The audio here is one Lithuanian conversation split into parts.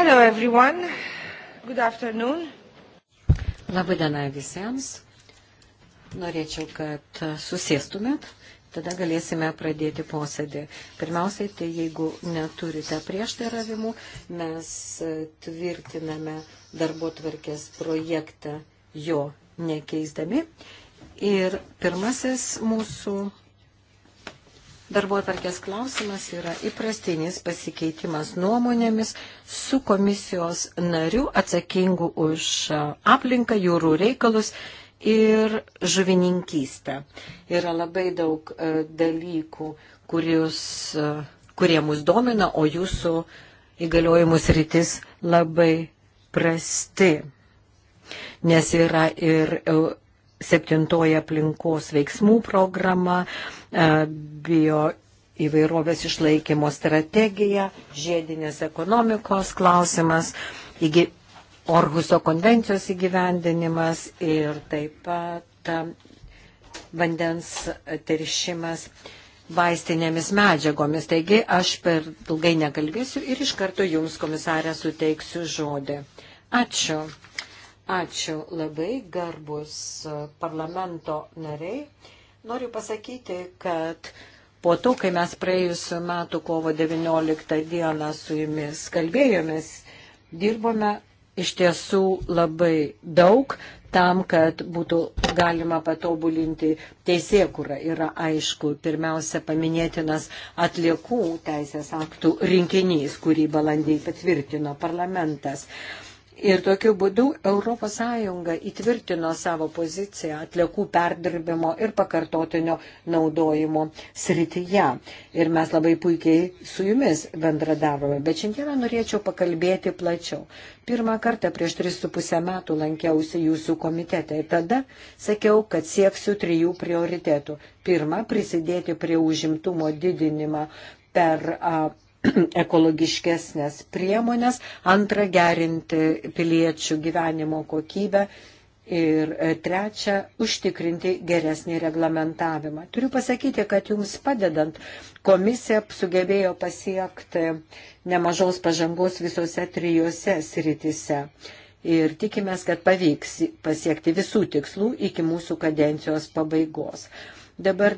Hello everyone. Good afternoon. Labadiena visiems. Norėčiau, kad susėstumėt, tada galėsime pradėti posėdį. Pirmiausiai, tai jeigu neturite prieštaravimų, mes tvirtiname darbo tvarkės projektą jo nekeisdami. Ir pirmasis mūsų Darbo atvarkės klausimas yra įprastinis pasikeitimas nuomonėmis su komisijos nariu atsakingu už aplinką, jūrų reikalus ir žuvininkystę. Yra labai daug e, dalykų, kurius, e, kurie mus domina, o jūsų įgaliojimus rytis labai prasti, nes yra ir septintoji aplinkos veiksmų programa, E, bio įvairovės išlaikymo strategija, žiedinės ekonomikos klausimas, įgy, Orhuso konvencijos įgyvendinimas ir taip pat e, vandens teršimas vaistinėmis medžiagomis. Taigi aš per ilgai nekalbėsiu ir iš karto jums, komisarė, suteiksiu žodį. Ačiū. Ačiū labai garbus e, parlamento nariai. Noriu pasakyti, kad po to, kai mes praėjusiu metu kovo 19 dieną su jumis kalbėjomės, dirbome iš tiesų labai daug tam, kad būtų galima patobulinti teisėkurą. Yra aišku, pirmiausia paminėtinas atliekų teisės aktų rinkinys, kurį balandį patvirtino parlamentas. Uh, Ir tokiu būdu ES įtvirtino savo poziciją atliekų perdirbimo ir pakartotinio naudojimo srityje. Ir mes labai puikiai su jumis bendradavome. Bet šiandieną norėčiau pakalbėti plačiau. Pirmą kartą prieš 3,5 metų lankiausi jūsų komitete ir tada sakiau, kad sieksiu trijų prioritetų. Pirma, prisidėti prie užimtumo didinimą per. Uh, ekologiškesnės priemonės, antra gerinti piliečių gyvenimo kokybę ir e, trečia užtikrinti geresnį reglamentavimą. Turiu pasakyti, kad jums padedant komisija sugebėjo pasiekti nemažos pažangos visose trijose sritise. Ir tikimės, kad pavyks pasiekti visų tikslų iki mūsų kadencijos pabaigos. Dabar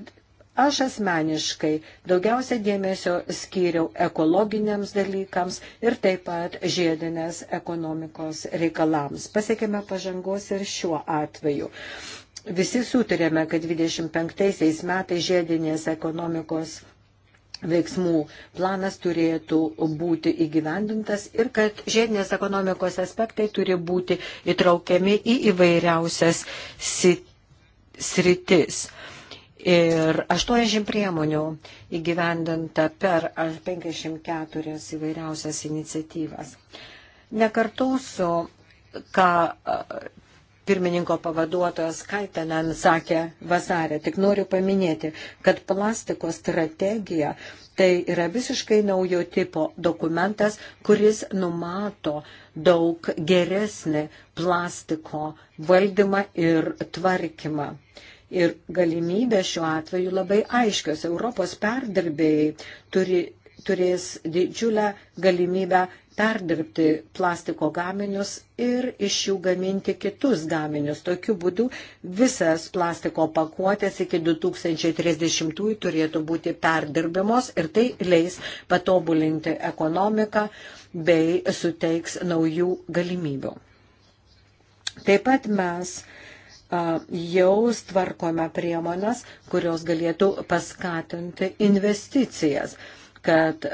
Aš asmeniškai daugiausia dėmesio skyriau ekologiniams dalykams ir taip pat žiedinės ekonomikos reikalams. Pasiekėme pažangos ir šiuo atveju. Visi sutarėme, kad 25 metais žiedinės ekonomikos veiksmų planas turėtų būti įgyvendintas ir kad žiedinės ekonomikos aspektai turi būti įtraukiami į įvairiausias sritis. Ir 80 priemonių įgyvendinta per 54 įvairiausias iniciatyvas. Nekartosiu, ką pirmininko pavaduotojas Kaitanen sakė vasarė. Tik noriu paminėti, kad plastiko strategija tai yra visiškai naujo tipo dokumentas, kuris numato daug geresnį plastiko valdymą ir tvarkymą. Uh, Ir galimybė šiuo atveju labai aiškios. Europos perdarbėjai turi, turės didžiulę galimybę perdirbti plastiko gaminius ir iš jų gaminti kitus gaminius. Tokiu būdu visas plastiko pakuotės iki 2030 turėtų būti perdirbimos ir tai leis patobulinti ekonomiką bei suteiks naujų galimybių. Taip pat mes jau tvarkome priemonės, kurios galėtų paskatinti investicijas kad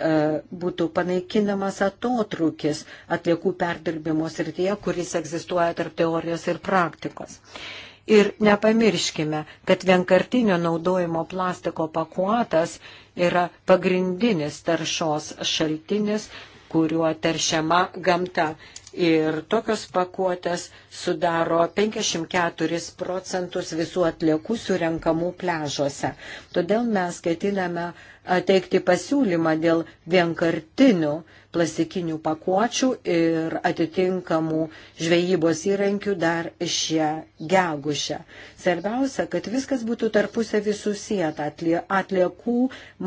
būtų panaikinamas atotrukis atliekų perdirbimo srityje, kuris egzistuoja tarp teorijos ir praktikos. Ir nepamirškime, kad vienkartinio naudojimo plastiko pakuotas yra pagrindinis taršos šaltinis, kuriuo teršiama gamta. Ir tokios pakuotės sudaro 54 procentus visų atliekų surenkamų pležuose. Todėl mes ketiname teikti pasiūlymą dėl vienkartinių uh, plastikinių pakuočių ir atitinkamų žvejybos įrankių dar šią gegušę. Svarbiausia, kad viskas būtų tarpusavį susijęta atliekų,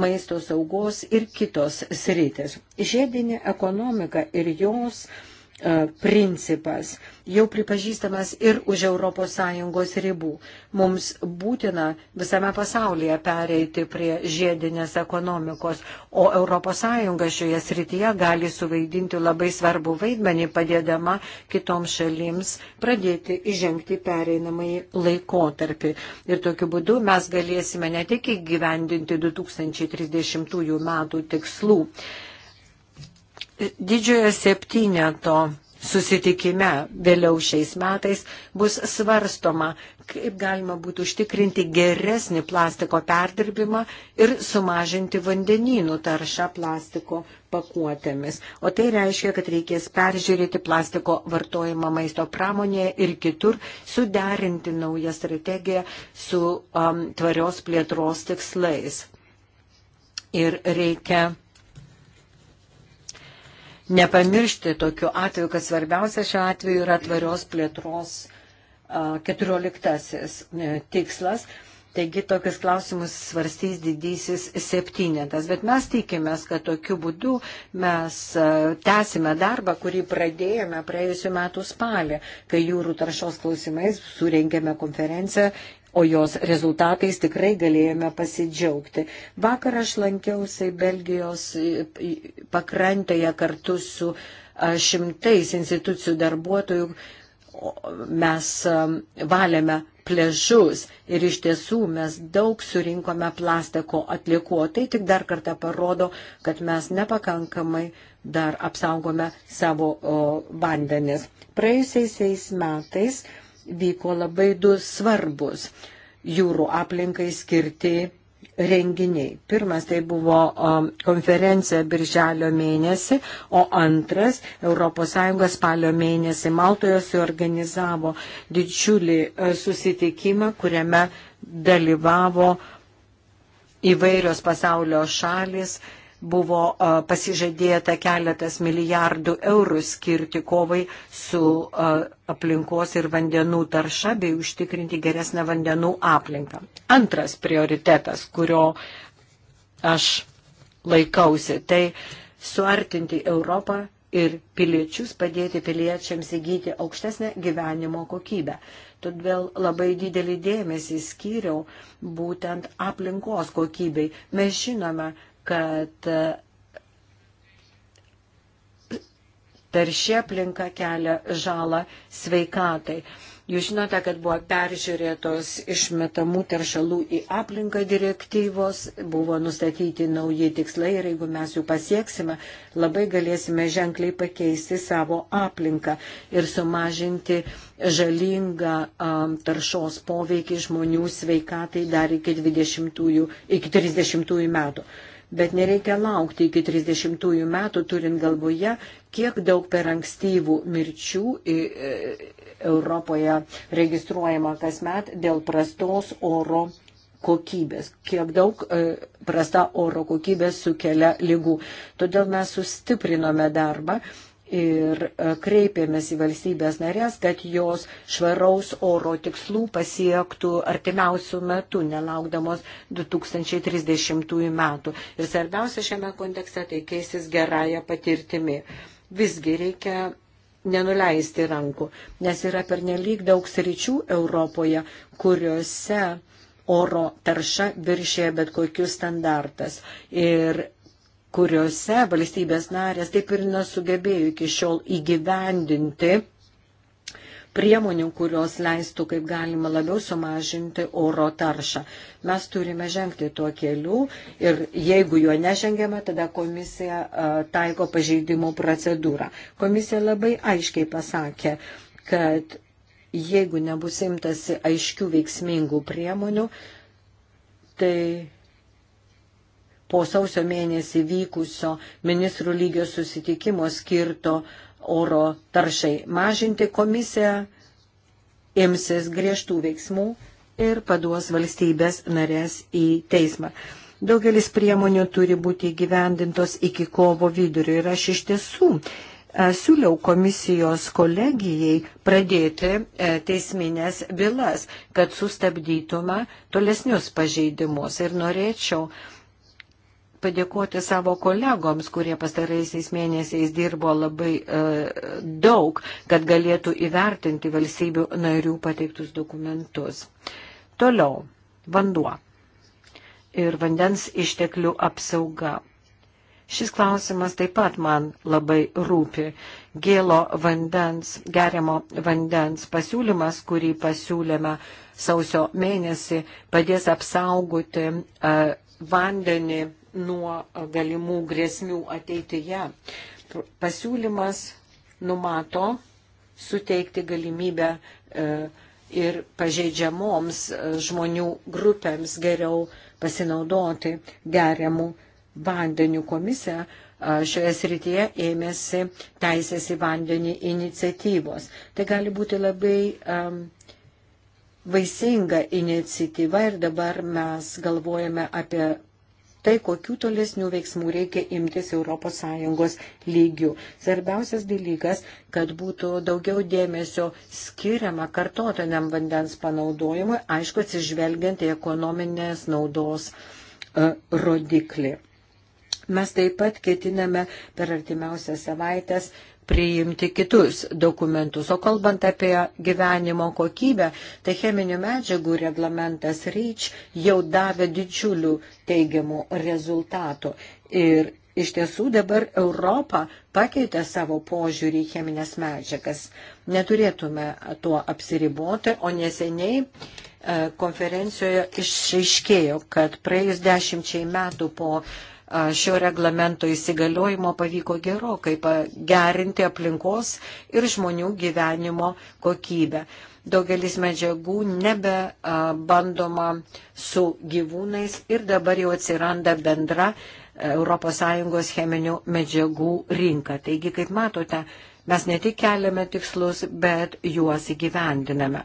maisto saugos ir kitos sritis. Žiedinė ekonomika ir jos uh, E, principas jau pripažįstamas ir už ES ribų. Mums būtina visame pasaulyje pereiti prie žiedinės ekonomikos, o ES šioje srityje gali suvaidinti labai svarbu vaidmenį, padėdama kitoms šalims pradėti įžengti pereinamąjį laikotarpį. Ir tokiu būdu mes galėsime ne tik įgyvendinti 2030 metų tikslų, didžiojo septyneto susitikime vėliau šiais metais bus svarstoma, kaip galima būtų užtikrinti geresnį plastiko perdirbimą ir sumažinti vandenynų taršą plastiko pakuotėmis. O tai reiškia, kad reikės peržiūrėti plastiko vartojimą maisto pramonėje ir kitur, suderinti naują strategiją su um, tvarios plėtros tikslais. Ir reikia nepamiršti tokiu atveju, kad svarbiausia šiuo atveju yra tvarios plėtros 14 e, tikslas. Taigi tokius klausimus svarstys didysis septynetas. Bet mes tikimės, kad tokiu būdu mes tęsime darbą, kurį pradėjome praėjusiu metu spalį, kai jūrų taršos klausimais surengėme konferenciją o jos rezultatais tikrai galėjome pasidžiaugti. Vakar aš lankiausi Belgijos pakrantėje kartu su šimtais institucijų darbuotojų. Mes valėme pležus ir iš tiesų mes daug surinkome plastiko atliekų, o tai tik dar kartą parodo, kad mes nepakankamai dar apsaugome savo o, vandenis. Praėjusiais metais vyko labai du svarbus jūrų aplinkai skirti renginiai. Pirmas tai buvo konferencija birželio mėnesį, o antras ES spalio mėnesį Maltoje suorganizavo didžiulį e, susitikimą, kuriame dalyvavo įvairios pasaulio šalis buvo pasižadėta keletas milijardų eurų skirti kovai su aplinkos ir vandenų tarša bei užtikrinti geresnę vandenų aplinką. Antras prioritetas, kurio aš laikausi, tai suartinti Europą ir piliečius, padėti piliečiams įgyti aukštesnę gyvenimo kokybę. Todėl labai didelį dėmesį skyriau būtent aplinkos kokybei. Mes žinome, kad taršia e, aplinka kelia žalą sveikatai. Jūs žinote, kad buvo peržiūrėtos išmetamų teršalų į aplinką direktyvos, buvo nustatyti nauji tikslai ir jeigu mes jų pasieksime, labai galėsime ženkliai pakeisti savo aplinką ir sumažinti žalingą um, taršos poveikį žmonių sveikatai dar iki, 20, iki 30 metų bet nereikia laukti iki 30 metų, turint galvoje, kiek daug per ankstyvų mirčių e, Europoje registruojama kasmet dėl prastos oro kokybės, kiek daug e, prasta oro kokybės sukelia lygų. Todėl mes sustiprinome darbą ir e, kreipėmės į valstybės narės, kad jos švaraus oro tikslų pasiektų artimiausių metų, nelaukdamos 2030 metų. Ir svarbiausia šiame kontekste tai keisis gerąją patirtimį. Visgi reikia nenuleisti rankų, nes yra pernelyg daug sričių Europoje, kuriuose oro tarša viršė bet kokius standartas. Ir kuriuose valstybės narės taip ir nesugebėjo iki šiol įgyvendinti priemonių, kurios leistų kaip galima labiau sumažinti oro taršą. Mes turime žengti tuo keliu ir jeigu juo nežengiame, tada komisija taiko pažeidimo procedūrą. Komisija labai aiškiai pasakė, kad jeigu nebus imtasi aiškių veiksmingų priemonių, tai po sausio mėnesį vykusio ministrų lygio susitikimo skirto oro taršai mažinti, komisija imsis griežtų veiksmų ir paduos valstybės narės į teismą. Daugelis priemonių turi būti gyvendintos iki kovo vidurio ir aš iš tiesų e, siūliau komisijos kolegijai pradėti e, teisminės bylas, kad sustabdytume tolesnius pažeidimus. Ir norėčiau padėkoti savo kolegoms, kurie pastaraisiais mėnesiais dirbo labai e, daug, kad galėtų įvertinti valstybių narių pateiktus dokumentus. Toliau, vanduo ir vandens išteklių apsauga. Šis klausimas taip pat man labai rūpi. Gėlo vandens, geriamo vandens pasiūlymas, kurį pasiūlėme sausio mėnesį, padės apsaugoti uh, vandenį nuo galimų grėsmių ateityje. Pasiūlymas numato suteikti galimybę e, ir pažeidžiamoms e, žmonių grupėms geriau pasinaudoti geriamų vandenių komisija e, šioje srityje ėmėsi teisės į vandenį iniciatyvos. Tai gali būti labai um, vaisinga iniciatyva ir dabar mes galvojame apie tai, kokių tolesnių veiksmų reikia imtis ES lygių. Svarbiausias dalykas, kad būtų daugiau dėmesio skiriama kartotiniam vandens panaudojimui, aišku, atsižvelgiant į ekonominės naudos uh, rodiklį. Mes taip pat ketiname per artimiausias savaitės uh, priimti kitus dokumentus. O kalbant apie gyvenimo kokybę, tai cheminių medžiagų reglamentas REACH jau davė didžiulių teigiamų rezultatų. Ir iš tiesų dabar Europa pakeitė savo požiūrį į cheminės medžiagas. Neturėtume tuo apsiriboti, o neseniai e, konferencijoje išaiškėjo, kad praėjus dešimčiai metų po šio reglamento įsigaliojimo pavyko gerokai pagerinti aplinkos ir žmonių gyvenimo kokybę. Daugelis medžiagų nebe bandoma su gyvūnais ir dabar jau atsiranda bendra ES cheminių medžiagų rinka. Taigi, kaip matote, Mes ne tik keliame tikslus, bet juos įgyvendiname.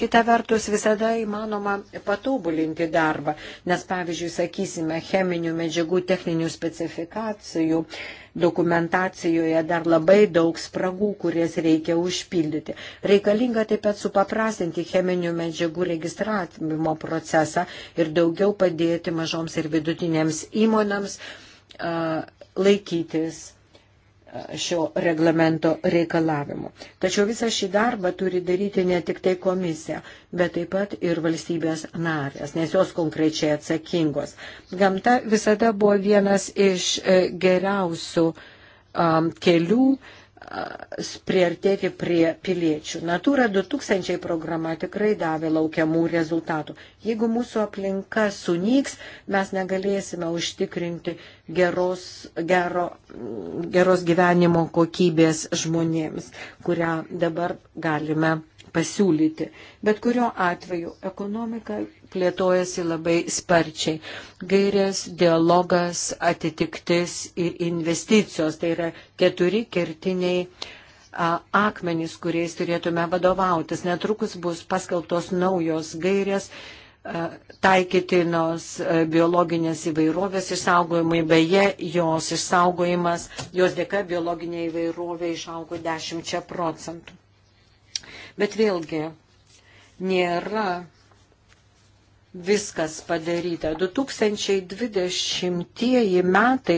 Kita vertus, visada įmanoma patobulinti darbą, nes pavyzdžiui, sakysime, cheminių medžiagų techninių specifikacijų dokumentacijoje dar labai daug spragų, kurias reikia užpildyti. Reikalinga taip pat supaprastinti cheminių medžiagų registravimo procesą ir daugiau padėti mažoms ir vidutinėms įmonėms laikytis šio reglamento reikalavimų. Tačiau visą šį darbą turi daryti ne tik tai komisija, bet taip pat ir valstybės narės, nes jos konkrečiai atsakingos. Gamta visada buvo vienas iš e, geriausių um, kelių uh, priartėti prie piliečių. Natūra 2000 programa tikrai davė laukiamų rezultatų. Jeigu mūsų aplinka sunyks, mes negalėsime užtikrinti geros, gero, geros gyvenimo kokybės žmonėms, kurią dabar galime pasiūlyti. Bet kurio atveju ekonomika plėtojasi labai sparčiai. Gairės, dialogas, atitiktis ir investicijos. Tai yra keturi kertiniai akmenys, kuriais turėtume vadovautis. Netrukus bus paskelbtos naujos gairės taikytinos biologinės įvairovės išsaugojimai, beje, jos išsaugojimas, jos dėka biologinė įvairovė išaugo 10 procentų. Bet vėlgi, nėra viskas padaryta. 2020 metai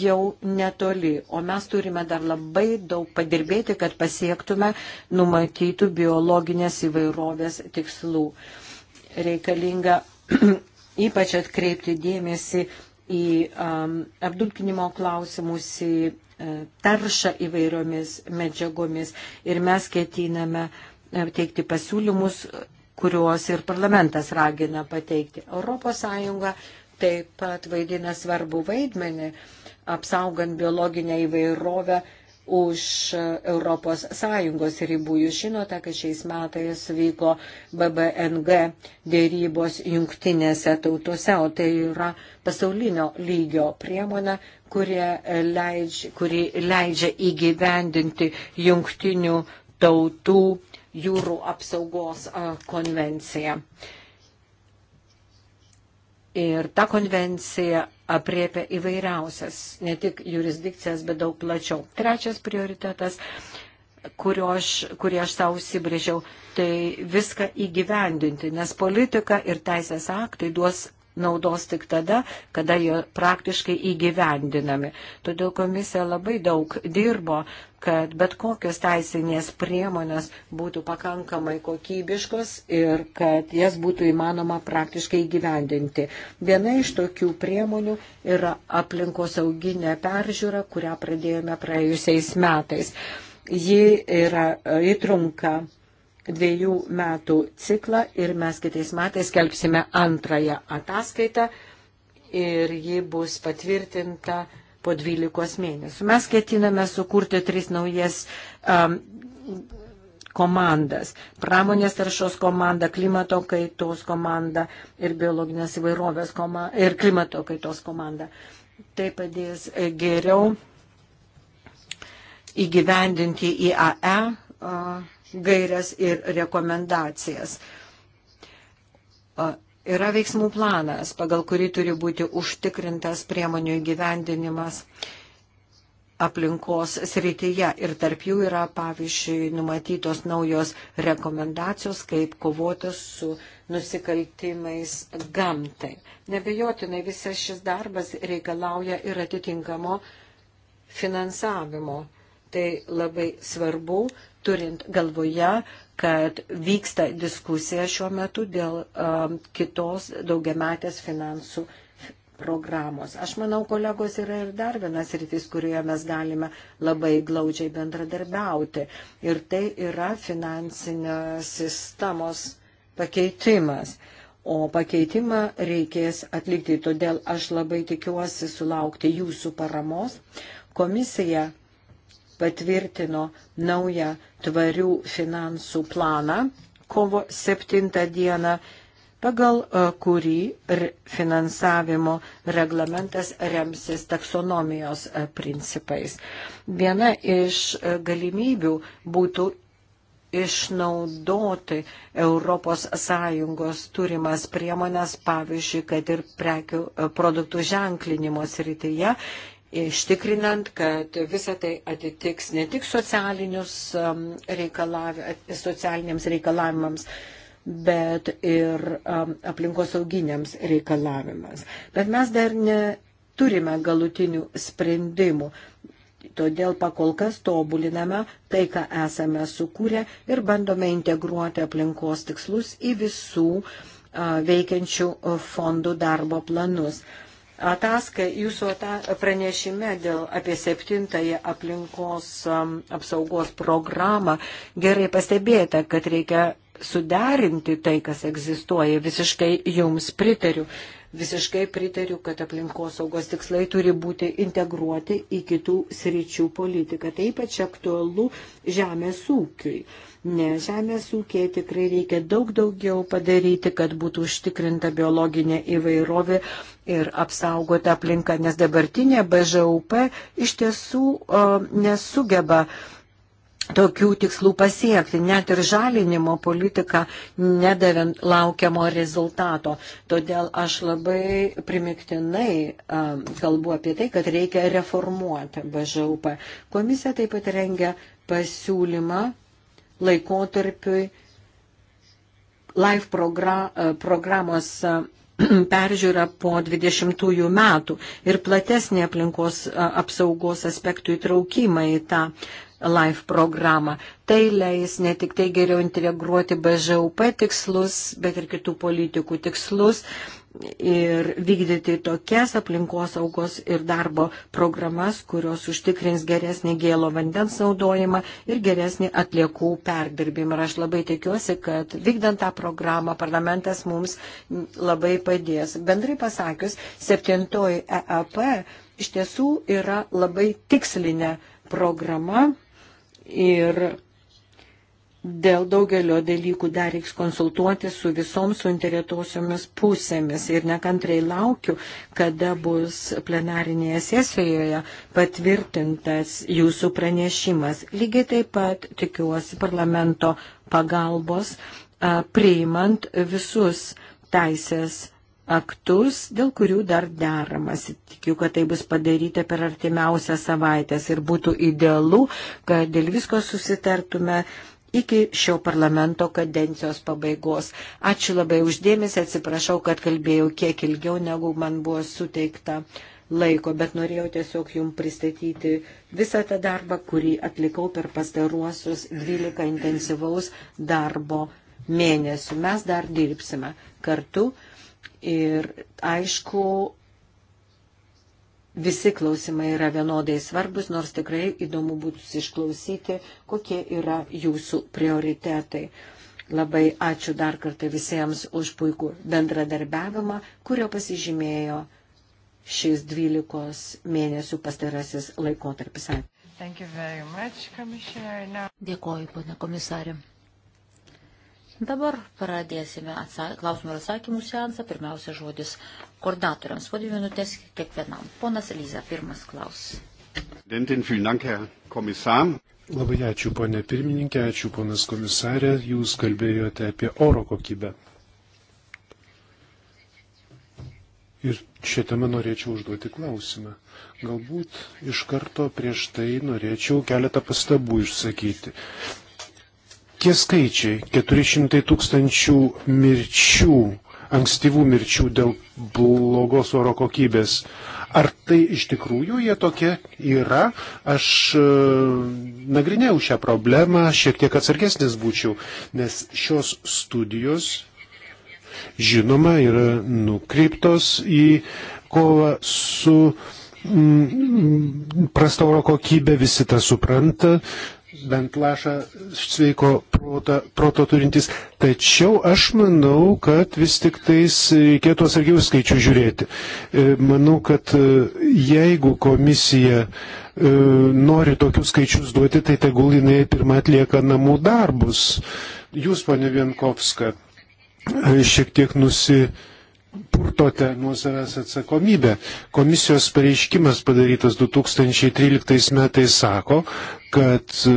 jau netoli, o mes turime dar labai daug padirbėti, kad pasiektume numatytų biologinės įvairovės tikslų. Reikalinga ypač atkreipti dėmesį į um, apdulkinimo klausimus, į E, taršą įvairiomis medžiagomis ir mes ketiname e, teikti pasiūlymus, kuriuos ir parlamentas ragina pateikti. ES taip pat vaidina svarbu vaidmenį apsaugant biologinę įvairovę už ES ribų. Jūs žinote, kad šiais metais vyko BBNG dėrybos jungtinėse tautose, o tai yra pasaulinio lygio priemonė, leidž, kuri leidžia įgyvendinti jungtinių tautų jūrų apsaugos konvenciją. Ir ta konvencija apriepia įvairiausias, ne tik jurisdikcijas, bet daug plačiau. Trečias prioritetas, aš, kurį aš savo sibrėžiau, tai viską įgyvendinti, nes politika ir teisės aktai duos naudos tik tada, kada jie praktiškai įgyvendinami. Todėl komisija labai daug dirbo, kad bet kokios teisinės priemonės būtų pakankamai kokybiškos ir kad jas būtų įmanoma praktiškai įgyvendinti. Viena iš tokių priemonių yra aplinkosauginė peržiūra, kurią pradėjome praėjusiais metais. Ji yra įtrunka dviejų metų ciklą ir mes kitais metais kelpsime antrąją ataskaitą ir ji bus patvirtinta po 12 mėnesių. Mes ketiname sukurti tris naujas um, komandas. Pramonės taršos komanda, klimato kaitos komanda ir biologinės įvairovės komanda ir klimato kaitos komanda. Tai padės geriau įgyvendinti IAE. Uh, gairias ir rekomendacijas. Yra veiksmų planas, pagal kurį turi būti užtikrintas priemonių įgyvendinimas aplinkos srityje ir tarp jų yra, pavyzdžiui, numatytos naujos rekomendacijos, kaip kovotas su nusikaltimais gamtai. Nebejotinai visas šis darbas reikalauja ir atitinkamo finansavimo. Tai labai svarbu, turint galvoje, kad vyksta diskusija šiuo metu dėl um, kitos daugiametės finansų programos. Aš manau, kolegos yra ir dar vienas rytis, kurioje mes galime labai glaudžiai bendradarbiauti. Ir tai yra finansinės sistemos pakeitimas. O pakeitimą reikės atlikti, todėl aš labai tikiuosi sulaukti jūsų paramos. Komisija patvirtino naują tvarių finansų planą kovo 7 dieną, pagal e, kurį finansavimo reglamentas remsis taksonomijos e, principais. Viena iš e, galimybių būtų išnaudoti ES turimas priemonės, pavyzdžiui, kad ir prekių produktų ženklinimo srityje ištikrinant, kad visa tai atitiks ne tik um, reikalav... socialiniams reikalavimams, bet ir um, aplinkosauginiams reikalavimams. Bet mes dar neturime galutinių sprendimų. Todėl pakol kas tobuliname tai, ką esame sukūrę ir bandome integruoti aplinkos tikslus į visų uh, veikiančių uh, fondų darbo planus. Ataska jūsų pranešime dėl apie septintąją aplinkos um, apsaugos programą gerai pastebėta, kad reikia suderinti tai, kas egzistuoja. Visiškai jums pritariu. Visiškai pritariu, kad aplinkos saugos tikslai turi būti integruoti į kitų sričių politiką. Tai ypač aktualu žemės ūkiui. Ne, žemės ūkiai tikrai reikia daug daugiau padaryti, kad būtų užtikrinta biologinė įvairovė ir apsaugota aplinka, nes dabartinė BŽUP iš tiesų o, nesugeba tokių tikslų pasiekti. Net ir žalinimo politika nedavė laukiamo rezultato. Todėl aš labai primiktinai um, kalbu apie tai, kad reikia reformuoti BŽUP. Komisija taip pat rengia pasiūlymą laikotarpiui LIFE progra, e, programos e, peržiūra po 20 metų ir platesnė aplinkos e, apsaugos aspektų įtraukimą į tą LIFE programą. Tai leis ne tik tai geriau integruoti BŽUP tikslus, bet ir kitų politikų tikslus ir vykdyti tokias aplinkos saugos ir darbo programas, kurios užtikrins geresnį gėlo vandens naudojimą ir geresnį atliekų perdirbimą. Ir aš labai tikiuosi, kad vykdant tą programą parlamentas mums labai padės. Bendrai pasakius, septintoji EAP iš tiesų yra labai tikslinė programa ir dėl daugelio dalykų dar reiks konsultuoti su visoms suinteresuosiomis pusėmis ir nekantrai laukiu, kada bus plenarinėje sesijoje patvirtintas jūsų pranešimas. Lygiai taip pat tikiuosi parlamento pagalbos a, priimant visus teisės aktus, dėl kurių dar deramas. Tikiu, kad tai bus padaryta per artimiausią savaitę ir būtų idealu, kad dėl visko susitartume iki šio parlamento kadencijos pabaigos. Ačiū labai uždėmesi, atsiprašau, kad kalbėjau kiek ilgiau, negu man buvo suteikta laiko, bet norėjau tiesiog jums pristatyti visą tą darbą, kurį atlikau per pastaruosius 12 intensyvaus darbo mėnesių. Mes dar dirbsime kartu ir aišku, Visi klausimai yra vienodai svarbus, nors tikrai įdomu būtų išklausyti, kokie yra jūsų prioritetai. Labai ačiū dar kartą visiems už puikų bendradarbiavimą, kurio pasižymėjo šis 12 mėnesių pastarasis laikotarpis. Dėkoju, pane komisarė. Dabar pradėsime klausimų ir atsakymų seansą. Pirmiausia žodis koordinatoriams. Po dvi minutės kiekvienam. Ponas Lyza, pirmas klaus. Labai ačiū, ponė pirmininkė, ačiū, ponas komisarė. Jūs kalbėjote apie oro kokybę. Ir šią temą norėčiau užduoti klausimą. Galbūt iš karto prieš tai norėčiau keletą pastabų išsakyti. Tie skaičiai - 400 tūkstančių mirčių, ankstyvų mirčių dėl blogos oro kokybės. Ar tai iš tikrųjų jie tokie yra? Aš e, nagrinėjau šią problemą, šiek tiek atsargesnis būčiau, nes šios studijos, žinoma, yra nukreiptos į kovą su mm, prasta oro kokybė, visi tą supranta, bent lašą sveiko proto, proto turintis. Tačiau aš manau, kad vis tik tais reikėtų atsargiau skaičių žiūrėti. E, manau, kad e, jeigu komisija e, nori tokius skaičius duoti, tai tegul jinai pirmą atlieka namų darbus. Jūs, pane Vienkovska, šiek tiek nusi purtote nuo savęs atsakomybę. Komisijos pareiškimas padarytas 2013 metais sako, kad e,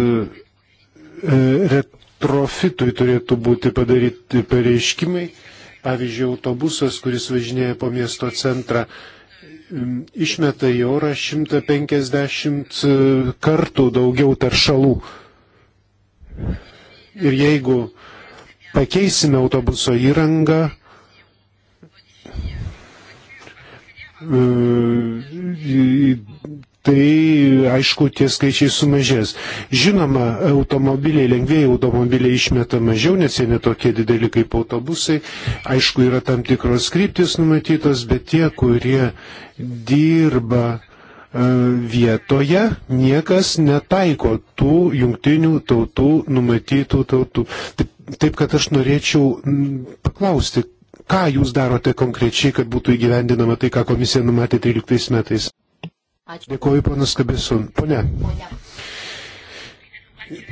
retrofitui turėtų būti padaryti pareiškimai. Pavyzdžiui, autobusas, kuris važinėja po miesto centrą, išmeta į orą 150 e, kartų daugiau taršalų. Ir jeigu pakeisime autobuso įrangą, tai aišku, tie skaičiai sumažės. Žinoma, automobiliai, lengvėjai automobiliai išmeta mažiau, nes jie netokie dideli kaip autobusai. Aišku, yra tam tikros kryptis numatytos, bet tie, kurie dirba e, vietoje niekas netaiko tų jungtinių tautų numatytų tautų. Taip, taip kad aš norėčiau paklausti, Ką jūs darote konkrečiai, kad būtų įgyvendinama tai, ką komisija numatė 13 metais? Ačiū. Dėkuoju, ponas Kabesun. Pone.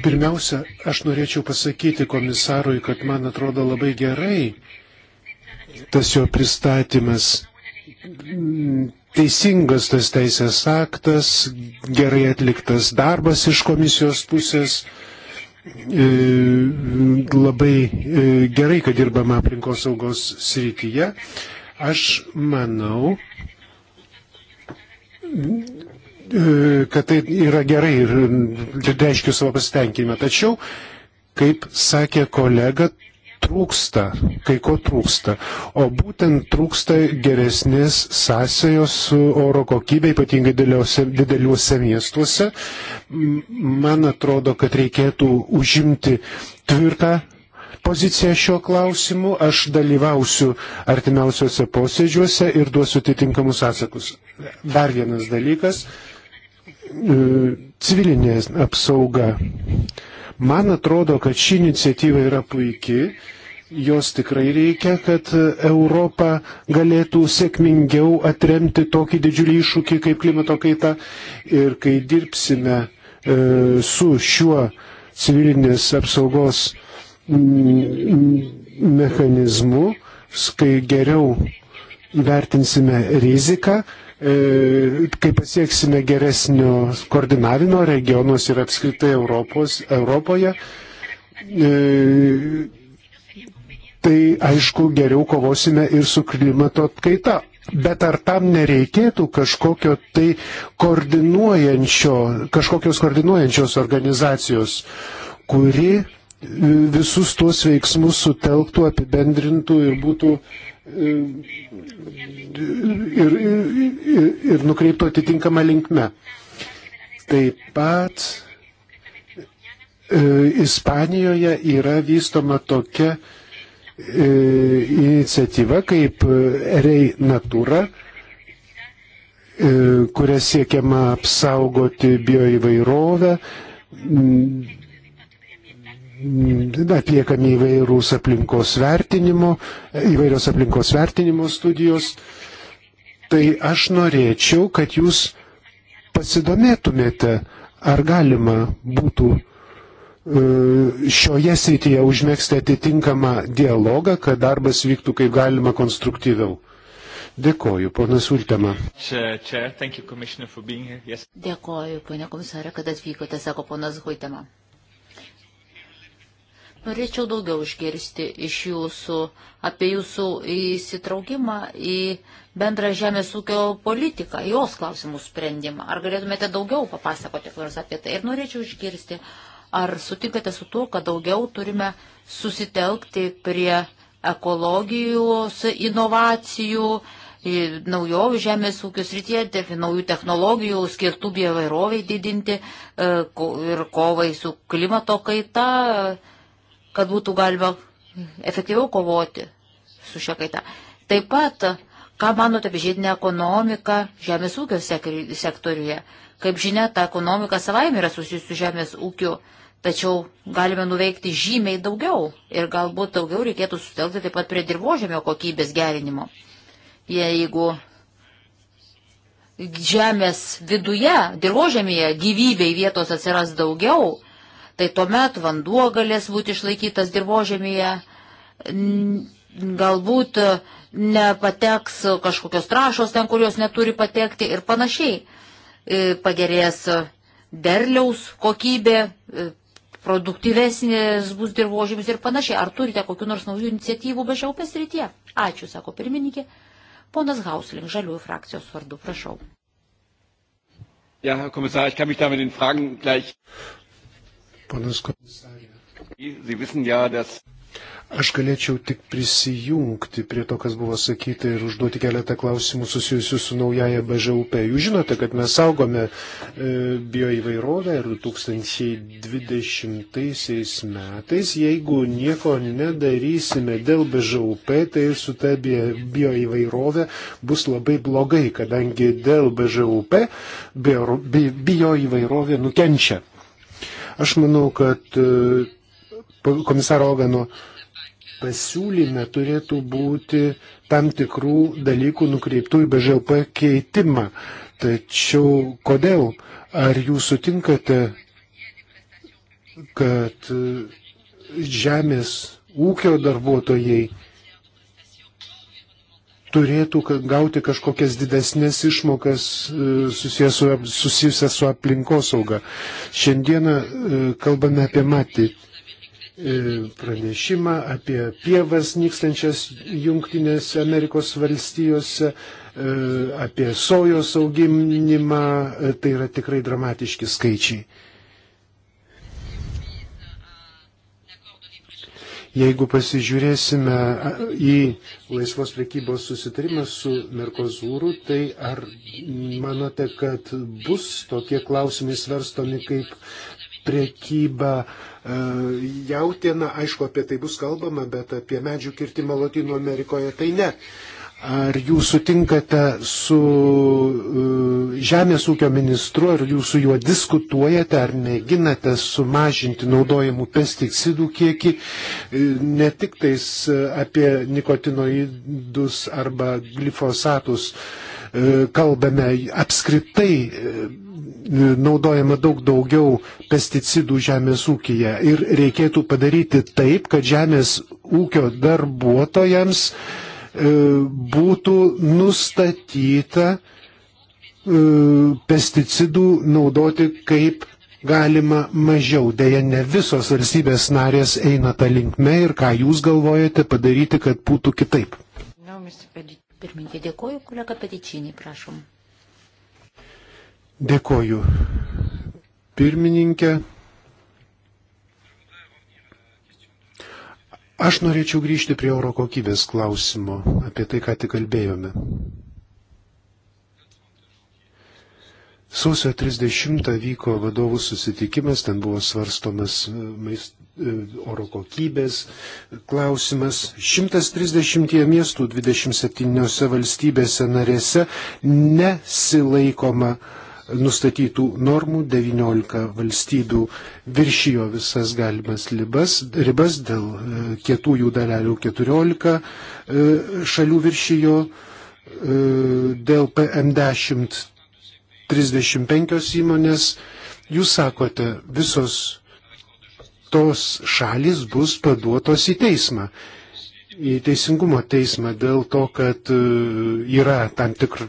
Pirmiausia, aš norėčiau pasakyti komisarui, kad man atrodo labai gerai tas jo pristatymas teisingas tas teisės aktas, gerai atliktas darbas iš komisijos pusės. E, labai e, gerai, kad dirbama aplinkos saugos srityje. Aš manau, e, kad tai yra gerai ir reiškiu savo pasitenkinimą. Tačiau, kaip sakė kolega, trūksta, kai ko trūksta. O būtent trūksta geresnės sąsajos su oro kokybė, ypatingai dideliuose, dideliuose miestuose. Man atrodo, kad reikėtų užimti tvirtą poziciją šiuo klausimu. Aš dalyvausiu artimiausiuose posėdžiuose ir duosiu atitinkamus atsakus. Dar vienas dalykas e, - civilinė apsauga. Man atrodo, kad ši iniciatyva yra puikiai Jos tikrai reikia, kad Europa galėtų sėkmingiau atremti tokį didžiulį iššūkį kaip klimato kaita. Ir kai dirbsime e, su šiuo civilinės apsaugos mm, mechanizmu, kai geriau vertinsime riziką, e, kai pasieksime geresnio koordinavimo regionuose ir apskritai Europos, Europoje, e, tai aišku geriau kovosime ir su klimato kaita. Bet ar tam nereikėtų kažkokio tai koordinuojančio, kažkokios koordinuojančios organizacijos, kuri e, visus tuos veiksmus sutelktų, apibendrintų ir būtų ir, e, ir, ir, ir nukreiptų atitinkamą linkmę. Taip pat e, Ispanijoje yra vystoma tokia e, E, iniciatyva kaip Rei Natura, e, kuria siekiama apsaugoti bioįvairovę, atliekami įvairūs aplinkos vertinimo, įvairios aplinkos vertinimo studijos. Tai aš norėčiau, kad jūs pasidomėtumėte, ar galima būtų E, šioje srityje užmėgsti atitinkamą dialogą, kad darbas vyktų kaip galima konstruktyviau. Dėkoju, ponas Ultema. Yes. Dėkoju, ponia komisarė, kad atvykote, sako ponas Huitema. Norėčiau daugiau išgirsti iš jūsų apie jūsų įsitraukimą į bendrą žemės ūkio politiką, jos klausimų sprendimą. Ar galėtumėte daugiau papasakoti nors apie tai? Ir norėčiau išgirsti, Ar sutinkate su tuo, kad daugiau turime susitelkti prie ekologijos inovacijų, naujovių žemės ūkius rytie, naujų technologijų skirtų biovairoviai didinti e, ir kovai su klimato kaita, kad būtų galima efektyviau kovoti su šia kaita. Taip pat, ką manote apie žiedinę ekonomiką žemės ūkio sektoriuje? Kaip žinia, ta ekonomika savaime yra susijusi su žemės ūkio sektoriuje Tačiau galime nuveikti žymiai daugiau ir galbūt daugiau reikėtų sutelkti taip pat prie dirbožėmio kokybės gerinimo. Jeigu žemės viduje, dirbožėmėje gyvybei vietos atsiras daugiau, tai tuomet vanduo galės būti išlaikytas dirbožėmėje, galbūt nepateks kažkokios trašos ten, kurios neturi patekti ir panašiai. E, pagerės derliaus kokybė, e, produktyvesnės bus dirbožymis ir panašiai. Ar turite kokiu nors naujų iniciatyvų bežiaupės rytie? Ačiū, sako pirmininkė. Ponas Hausling, žaliųjų frakcijos vardu, prašau. Ja, Herr Kommissar, ich kann mich da mit den Fragen gleich. Ponas komisarė. Sie wissen ja, dass Aš galėčiau tik prisijungti prie to, kas buvo sakyta ir užduoti keletą klausimų susijusių su naujaja BŽUP. Jūs žinote, kad mes saugome e, bioįvairovę ir 2020 metais, jeigu nieko nedarysime dėl BŽUP, tai su ta bioįvairovė bus labai blogai, kadangi dėl BŽUP bioįvairovė nukenčia. Aš manau, kad e, komisaro Ogano pasiūlyme turėtų būti tam tikrų dalykų nukreiptų į BŽP keitimą. Tačiau kodėl? Ar jūs sutinkate, kad žemės ūkio darbuotojai turėtų gauti kažkokias didesnės išmokas e, susijusias su aplinkosauga. Šiandieną e, kalbame apie matį E, pranešimą apie pievas nykstančias Junktinėse Amerikos valstijose, e, apie sojos auginimą. E, tai yra tikrai dramatiški skaičiai. Jeigu pasižiūrėsime į laisvos prekybos susitarimą su Merkozūru, tai ar manote, kad bus tokie klausimai svarstomi kaip priekyba e, jautiena, aišku, apie tai bus kalbama, bet apie medžių kirtimą Latino Amerikoje tai ne. Ar jūs sutinkate su e, Žemės ūkio ministru, ar jūs su juo diskutuojate, ar mėginate sumažinti naudojimų pesticidų kiekį, e, ne tik tais apie nikotinoidus arba glifosatus kalbame apskritai E, naudojama daug daugiau pesticidų žemės ūkija ir reikėtų padaryti taip, kad žemės ūkio darbuotojams e, būtų nustatyta e, pesticidų naudoti kaip galima mažiau. Deja, ne visos valstybės narės eina tą linkmę ir ką jūs galvojate padaryti, kad būtų kitaip. No, Pirmininkė, dėkoju, kolega Petičinį, prašom. Dėkoju. Pirmininkė. Aš norėčiau grįžti prie oro kokybės klausimo, apie tai, ką tik kalbėjome. Sausio 30 vyko vadovų susitikimas, ten buvo svarstomas e, maist, e, oro kokybės klausimas. 130 miestų 27 valstybėse narėse nesilaikoma uh, nustatytų normų, 19 valstybių viršijo visas galimas libas, ribas, dėl e, kietųjų dalelių 14 e, šalių viršijo, e, dėl PM10 35 įmonės. Jūs sakote, visos tos šalis bus paduotos į teismą į Teisingumo teismą dėl to, kad e, yra tam tikri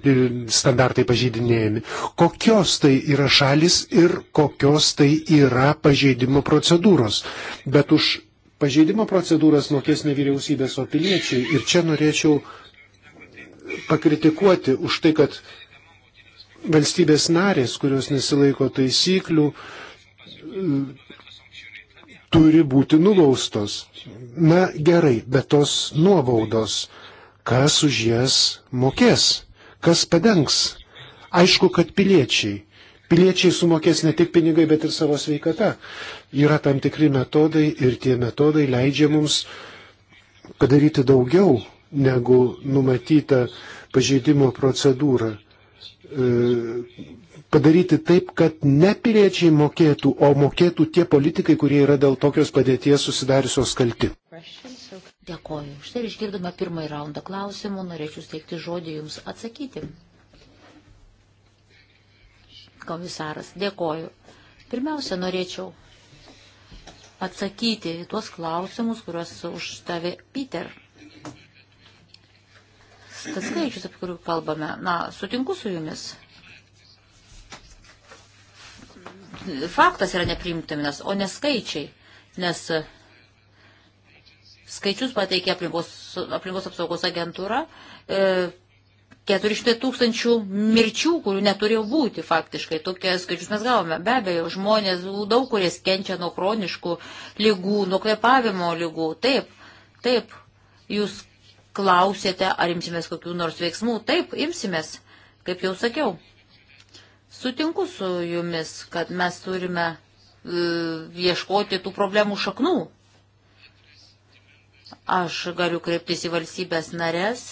standartai pažeidinėjami. Kokios tai yra šalis ir kokios tai yra pažeidimo procedūros. Bet už pažeidimo procedūras mokės ne vyriausybės, o piliečiai. Ir čia norėčiau pakritikuoti už tai, kad valstybės narės, kurios nesilaiko taisyklių, e, turi būti nubaustos. Na gerai, bet tos nuobaudos, kas už jas mokės, kas padengs. Aišku, kad piliečiai. Piliečiai sumokės ne tik pinigai, bet ir savo sveikata. Yra tam tikri metodai ir tie metodai leidžia mums padaryti daugiau negu numatyta pažeidimo procedūra. E, padaryti taip, kad ne piliečiai mokėtų, o mokėtų tie politikai, kurie yra dėl tokios padėties susidariusios kalti. Dėkoju. Štai ir išgirdome pirmąjį raundą klausimų. Norėčiau steigti žodį Jums atsakyti. Komisaras, dėkoju. Pirmiausia, norėčiau atsakyti į tuos klausimus, kuriuos užtavė Peter. Tas skaičius, apie kurių kalbame, na, sutinku su jumis. Faktas yra nepriimtaminas, o ne skaičiai, nes Skaičius pateikė aplinkos, aplinkos apsaugos agentūra. E, 400 tūkstančių mirčių, kurių neturėjo būti faktiškai. Tokie skaičius mes gavome. Be abejo, žmonės daug, kurie kenčia nuo chroniškų lygų, nuo kvepavimo lygų. Taip, taip. Jūs klausėte, ar imsimės kokių nors veiksmų. Taip, imsimės, kaip jau sakiau. Sutinku su jumis, kad mes turime e, ieškoti tų problemų šaknų. Aš galiu kreiptis į valstybės narės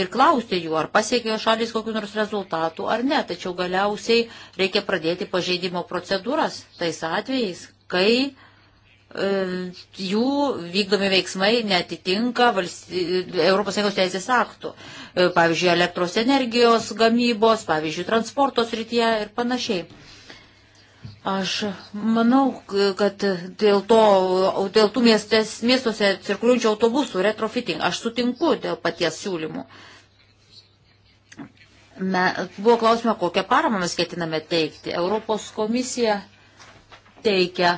ir klausti jų, ar pasiekė šalis kokiu nors rezultatų ar ne, tačiau galiausiai reikia pradėti pažeidimo procedūras tais atvejais, kai e, jų vykdomi veiksmai netitinka ES teisės aktų. E, pavyzdžiui, elektros energijos gamybos, pavyzdžiui, transporto srityje ir panašiai. Aš manau, kad dėl, to, dėl tų miestės, miestuose cirkuliuojančių autobusų retrofitting aš sutinku dėl paties siūlymų. Me, buvo klausima, kokią paramą mes ketiname teikti. Europos komisija teikia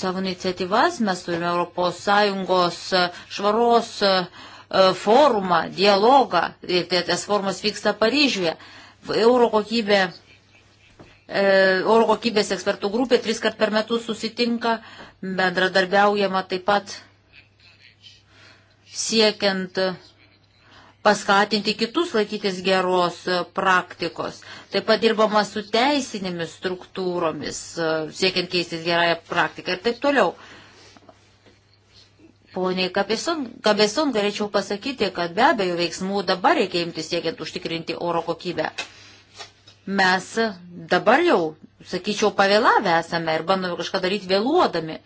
savo iniciatyvas, mes turime Europos Sąjungos švaros e, forumą, dialogą ir tas forumas vyksta Paryžiuje. Euro kokybė E, oro kokybės ekspertų grupė tris kart per metus susitinka, bendradarbiaujama taip pat siekiant paskatinti kitus laikytis geros praktikos. Taip pat dirbama su teisinėmis struktūromis, e, siekiant keistis gerąją praktiką ir taip toliau. Poniai Kabeson, Kabeson galėčiau pasakyti, kad be abejo veiksmų dabar reikia imti siekiant užtikrinti oro kokybę mes dabar jau, sakyčiau, pavėlavę esame ir bandome nu, kažką daryti vėluodami.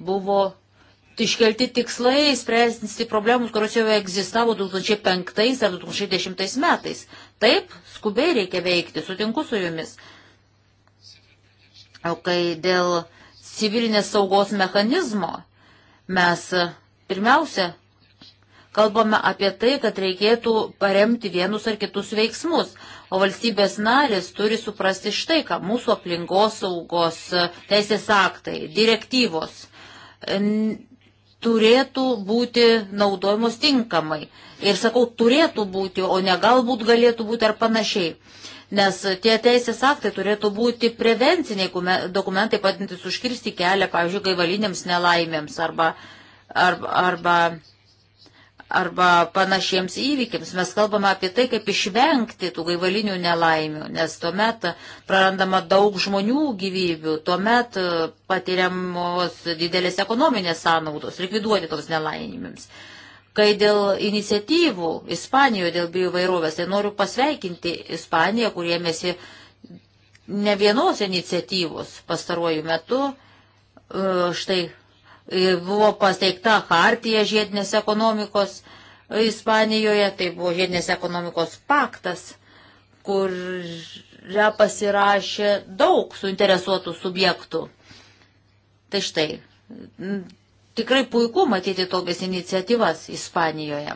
Buvo iškelti tikslai spręsti problemus, kurios jau egzistavo 2005 ar 2010 metais. Taip, skubiai reikia veikti, sutinku su jumis. O kai dėl civilinės saugos mechanizmo mes pirmiausia kalbame apie tai, kad reikėtų paremti vienus ar kitus veiksmus, o valstybės narės turi suprasti štai, ką mūsų aplinkos saugos teisės aktai, direktyvos turėtų būti naudojamos tinkamai. Ir sakau, turėtų būti, o ne galbūt galėtų būti ar panašiai. Nes tie teisės aktai turėtų būti prevenciniai dokumentai patintis užkirsti kelią, pavyzdžiui, gaivalinėms nelaimėms arba, arba, arba arba panašiems įvykiams. Mes kalbame apie tai, kaip išvengti tų gaivalinių nelaimių, nes tuomet prarandama daug žmonių gyvybių, tuomet e, patiriamos didelės ekonominės sąnaudos, likviduoti toms nelaimėms. Kai dėl iniciatyvų Ispanijoje dėl bioįvairovės, tai noriu pasveikinti Ispaniją, kurie mėsi ne vienos iniciatyvos pastaruoju metu. E, štai E, buvo pasteikta hartija žiedinės ekonomikos Ispanijoje, tai buvo žiedinės ekonomikos paktas, kurią pasirašė daug suinteresuotų subjektų. Tai štai, tikrai puiku matyti tokias iniciatyvas Ispanijoje.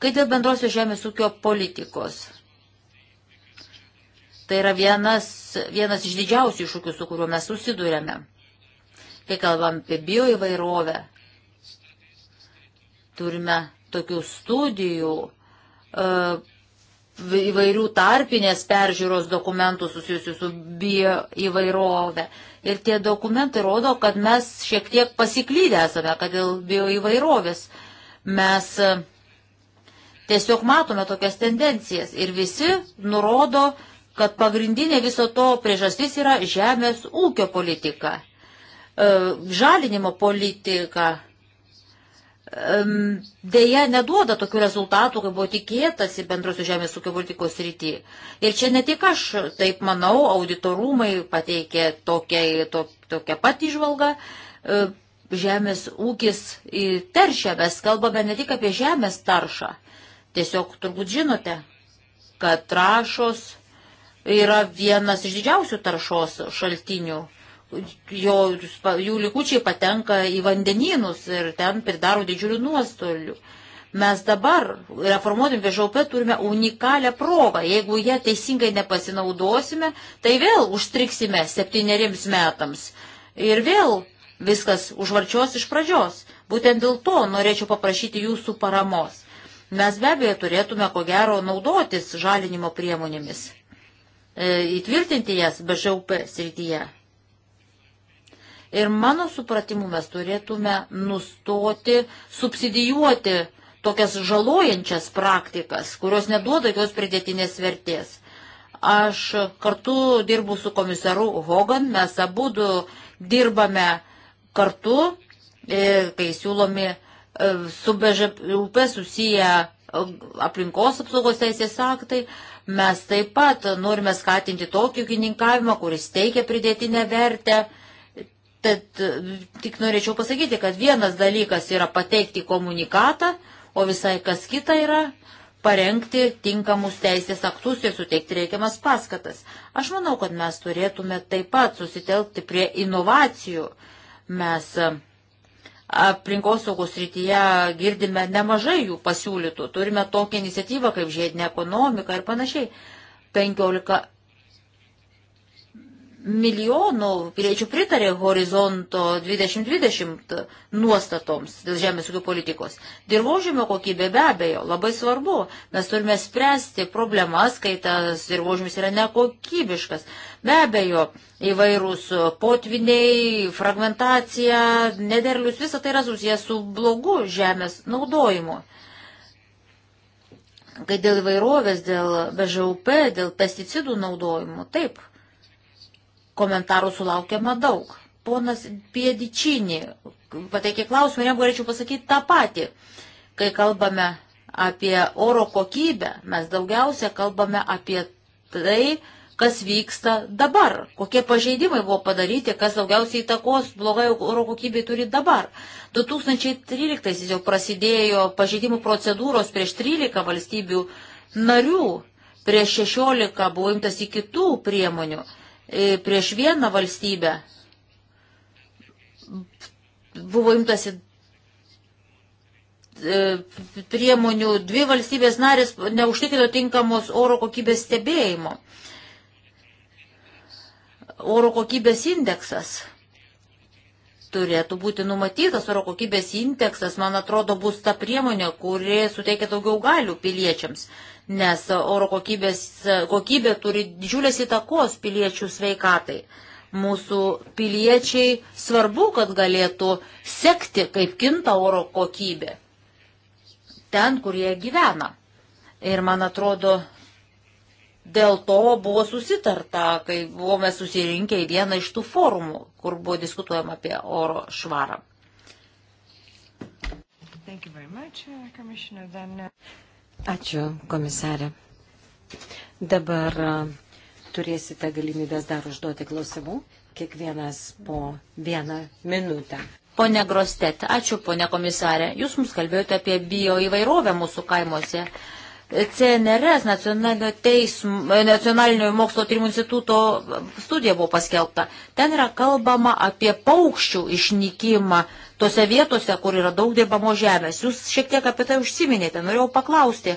Kai dėl bendrosios žemės ūkio politikos, Tai yra vienas, vienas iš didžiausių iššūkių, su kuriuo mes susidurėme. Kai kalbam apie bioįvairovę, turime tokių studijų, e, įvairių tarpinės peržiūros dokumentų susijusių su bioįvairove. Ir tie dokumentai rodo, kad mes šiek tiek pasiklydę esame, kad dėl bioįvairovės mes e, tiesiog matome tokias tendencijas. Ir visi nurodo kad pagrindinė viso to priežastis yra žemės ūkio politika, e, žalinimo politika. Deja, neduoda tokių rezultatų, kaip buvo tikėtasi bendrosios žemės ūkio politikos rytį. Ir čia ne tik aš, taip manau, auditorumai pateikė tokią, to, tokią pat išvalgą. E, žemės ūkis teršia, mes kalbame ne tik apie žemės taršą. Tiesiog turbūt žinote, kad trašos yra vienas iš didžiausių taršos šaltinių. Jo, jų likučiai patenka į vandenynus ir ten pridaro didžiulių nuostolių. Mes dabar, reformuodami VŽP, turime unikalią progą. Jeigu ją teisingai nepasinaudosime, tai vėl užstriksime septyneriems metams. Ir vėl viskas užvarčios iš pradžios. Būtent dėl to norėčiau paprašyti jūsų paramos. Mes be abejo turėtume ko gero naudotis žalinimo priemonėmis. E, įtvirtinti jas BŽUP srityje. Ir mano supratimu mes turėtume nustoti subsidijuoti tokias žalojančias praktikas, kurios neduoda jokios pridėtinės vertės. Aš kartu dirbu su komisaru Hogan, mes abu dirbame kartu, e, kai siūlomi e, su BŽUP susiję aplinkos apsaugos teisės aktai, Mes taip pat norime skatinti tokį ūkininkavimą, kuris teikia pridėtinę vertę. Tad e, tik norėčiau pasakyti, kad vienas dalykas yra pateikti komunikatą, o visai kas kita yra parengti tinkamus teisės aktus ir suteikti reikiamas paskatas. Aš manau, kad mes turėtume taip pat susitelkti prie inovacijų. Mes e, aplinkosaugos rytyje girdime nemažai jų pasiūlytų. Turime tokią iniciatyvą kaip žiedinė ekonomika ir panašiai. 15 milijonų piliečių pritarė horizonto 2020 nuostatoms dėl žemės ūkio politikos. Dirbožėmio kokybė be abejo labai svarbu. Mes turime spręsti problemas, kai tas dirbožėmis yra nekokybiškas. Be abejo, įvairūs potviniai, fragmentacija, nederlius, visa tai yra susijęs su blogu žemės naudojimu kai dėl vairovės, dėl BŽUP, dėl pesticidų naudojimo, taip, Komentarų sulaukiama daug. Ponas Piedičinį pateikė klausimą ir jam galėčiau pasakyti tą patį. Kai kalbame apie oro kokybę, mes daugiausia kalbame apie tai, kas vyksta dabar, kokie pažeidimai buvo padaryti, kas daugiausiai įtakos blogai oro kokybei turi dabar. 2013 jau prasidėjo pažeidimų procedūros prieš 13 valstybių narių, prieš 16 buvo imtas į kitų priemonių. E, prieš vieną valstybę buvo imtasi e, priemonių, dvi valstybės narės neužtikrino tinkamos oro kokybės stebėjimo. Oro kokybės indeksas turėtų būti numatytas, oro kokybės indeksas, man atrodo, bus ta priemonė, kuri suteikia daugiau galių piliečiams nes oro kokybės, kokybė turi didžiulės įtakos piliečių sveikatai. Mūsų piliečiai svarbu, kad galėtų sekti, kaip kinta oro kokybė ten, kur jie gyvena. Ir man atrodo, dėl to buvo susitarta, kai buvome susirinkę į vieną iš tų forumų, kur buvo diskutuojama apie oro švarą. Uh, Then... Uh, Ačiū, komisarė. Dabar turėsite galimybės dar užduoti klausimų, kiekvienas po vieną minutę. Pone Grostet, ačiū, pone komisarė. Jūs mums kalbėjote apie bio įvairovę mūsų kaimuose. Uh, CNRS nacionalinio, teism, nacionalinio mokslo tyrimų instituto studija buvo paskelbta. Ten yra kalbama apie paukščių išnykimą tose vietose, kur yra daug dirbamo žemės. Jūs šiek tiek apie tai užsiminėte. Norėjau paklausti,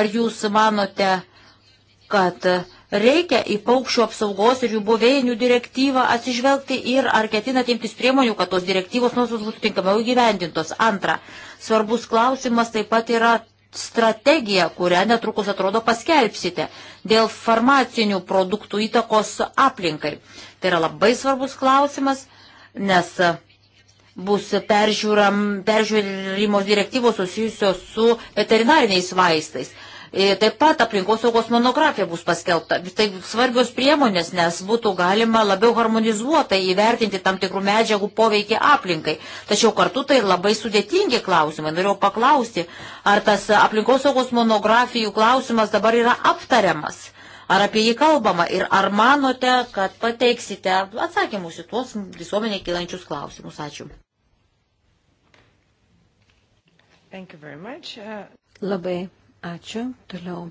ar jūs manote, kad reikia į paukščių apsaugos ir jų buveinių direktyvą atsižvelgti ir ar ketinat imtis priemonių, kad tos direktyvos nuostatos būtų tinkamiau įgyvendintos. Antra, svarbus klausimas taip pat yra strategiją, kurią netrukus atrodo paskelbsite dėl farmacinių produktų įtakos aplinkai. Tai yra labai svarbus klausimas, nes bus peržiūrimos direktyvos susijusios su veterinariniais vaistais. E, taip pat aplinkosaugos monografija bus paskelbta. Tai svarbios priemonės, nes būtų galima labiau harmonizuotai įvertinti tam tikrų medžiagų poveikį aplinkai. Tačiau kartu tai labai sudėtingi klausimai. Norėjau paklausti, ar tas aplinkosaugos monografijų klausimas dabar yra aptariamas, ar apie jį kalbama ir ar manote, kad pateiksite atsakymus į tuos visuomenė kilančius klausimus. Ačiū. Uh, labai Ačiū. Toliau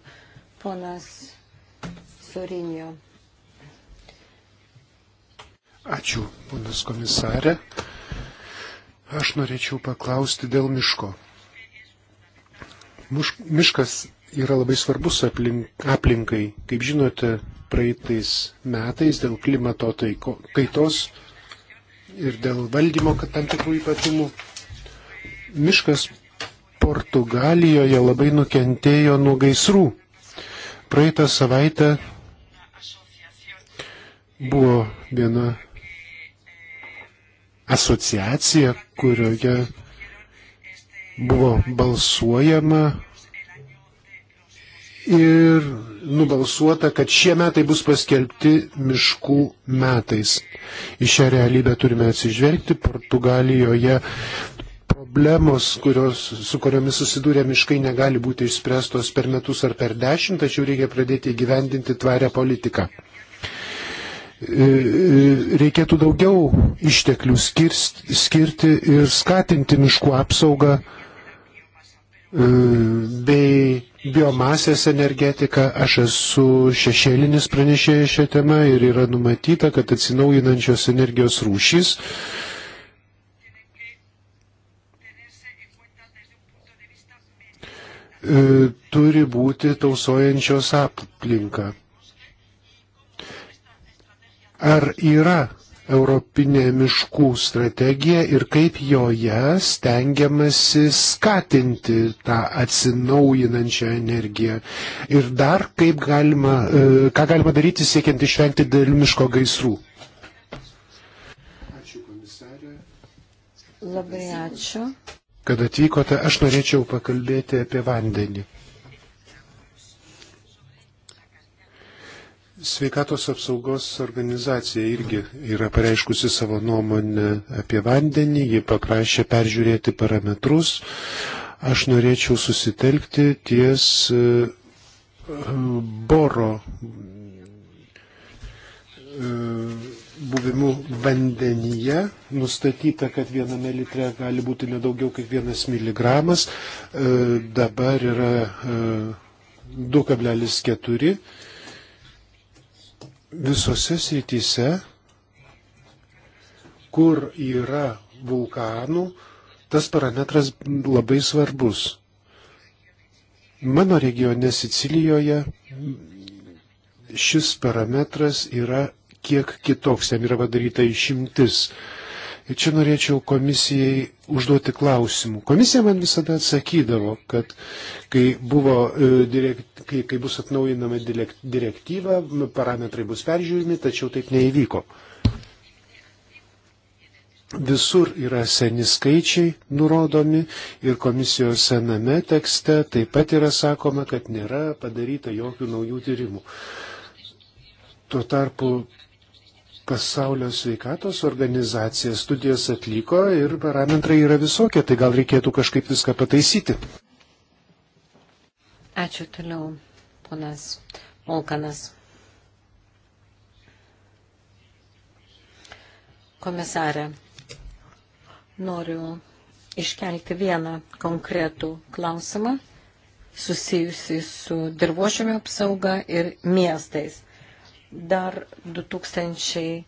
ponas Sorinio. Ačiū, ponas komisarė. Aš norėčiau paklausti dėl miško. Miškas yra labai svarbus aplink, aplinkai. Kaip žinote, praeitais metais dėl klimato taiko, kaitos ir dėl valdymo tam tikrų ypatumų miškas Portugalijoje labai nukentėjo nuo gaisrų. Praeitą savaitę buvo viena asociacija, kurioje buvo balsuojama ir nubalsuota, kad šie metai bus paskelbti miškų metais. Į šią realybę turime atsižvelgti. Portugalijoje problemos, kurios, su kuriomis susidūrė miškai, negali būti išspręstos per metus ar per dešimt, tačiau reikia pradėti gyvendinti tvarę politiką. E, e, reikėtų daugiau išteklių skirst, skirti ir skatinti miškų apsaugą e, bei biomasės energetika. Aš esu šešėlinis pranešėjas šią temą ir yra numatyta, kad atsinaujinančios energijos rūšys E, turi būti tausojančios aplinką. Ar yra Europinė miškų strategija ir kaip joje stengiamasi skatinti tą atsinaujinančią energiją. Ir dar kaip galima, e, ką galima daryti siekiant išvengti dėl miško gaisrų. Ačiū komisarė. Labai ačiū kad atvykote. Aš norėčiau pakalbėti apie vandenį. Sveikatos apsaugos organizacija irgi yra pareiškusi savo nuomonę apie vandenį, ji paprašė peržiūrėti parametrus. Aš norėčiau susitelkti ties e, boro e, buvimu vandenyje. Nustatyta, kad viename litre gali būti nedaugiau kaip vienas miligramas. E, dabar yra 2,4. E, Visose srityse, kur yra vulkanų, tas parametras labai svarbus. Mano regione Sicilijoje šis parametras yra kiek kitoks, ten yra padaryta išimtis. Ir čia norėčiau komisijai užduoti klausimų. Komisija man visada atsakydavo, kad kai, buvo, e, kai, kai bus atnaujinama direktyva, parametrai bus peržiūrimi, tačiau taip neįvyko. Visur yra seni skaičiai nurodomi ir komisijos sename tekste taip pat yra sakoma, kad nėra padaryta jokių naujų tyrimų. Tuo tarpu Pasaulio sveikatos organizacija studijas atliko ir parametrai yra visokie, tai gal reikėtų kažkaip viską pataisyti. Ačiū toliau, ponas Volkanas. Komisarė, noriu iškelti vieną konkretų klausimą susijusi su dirbožėmio apsauga ir miestais dar 2020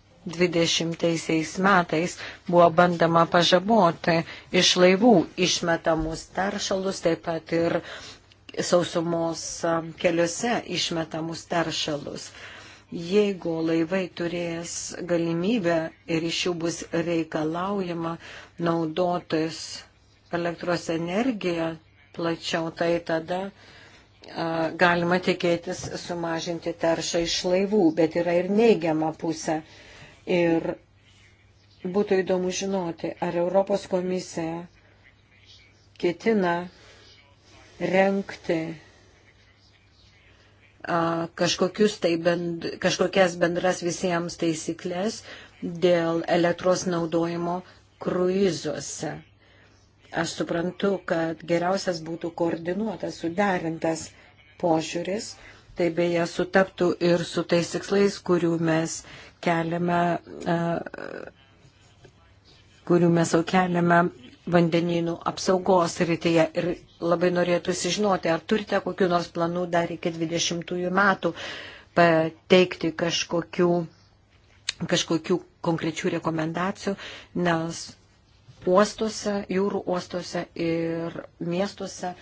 metais buvo bandama pažaboti iš laivų išmetamus taršalus, taip pat ir sausumos keliuose išmetamus taršalus. Jeigu laivai turės galimybę ir iš jų bus reikalaujama naudotis elektros energiją plačiau, tai tada uh, galima tikėtis sumažinti taršą iš laivų, bet yra ir neigiama pusė. Ir būtų įdomu žinoti, ar Europos komisija ketina renkti kažkokius tai bend, kažkokias bendras visiems taisyklės dėl elektros naudojimo kruizuose. Aš suprantu, kad geriausias būtų koordinuotas, suderintas požiūris, tai beje sutaptų ir su tais tikslais, kurių mes keliame, e, kurių mes jau keliame vandenynų apsaugos rytyje. Ir labai norėtųsi žinoti, ar turite kokiu nors planu dar iki 20 metų pateikti kažkokių, kažkokių konkrečių rekomendacijų, nes uostuose, jūrų uostuose ir miestuose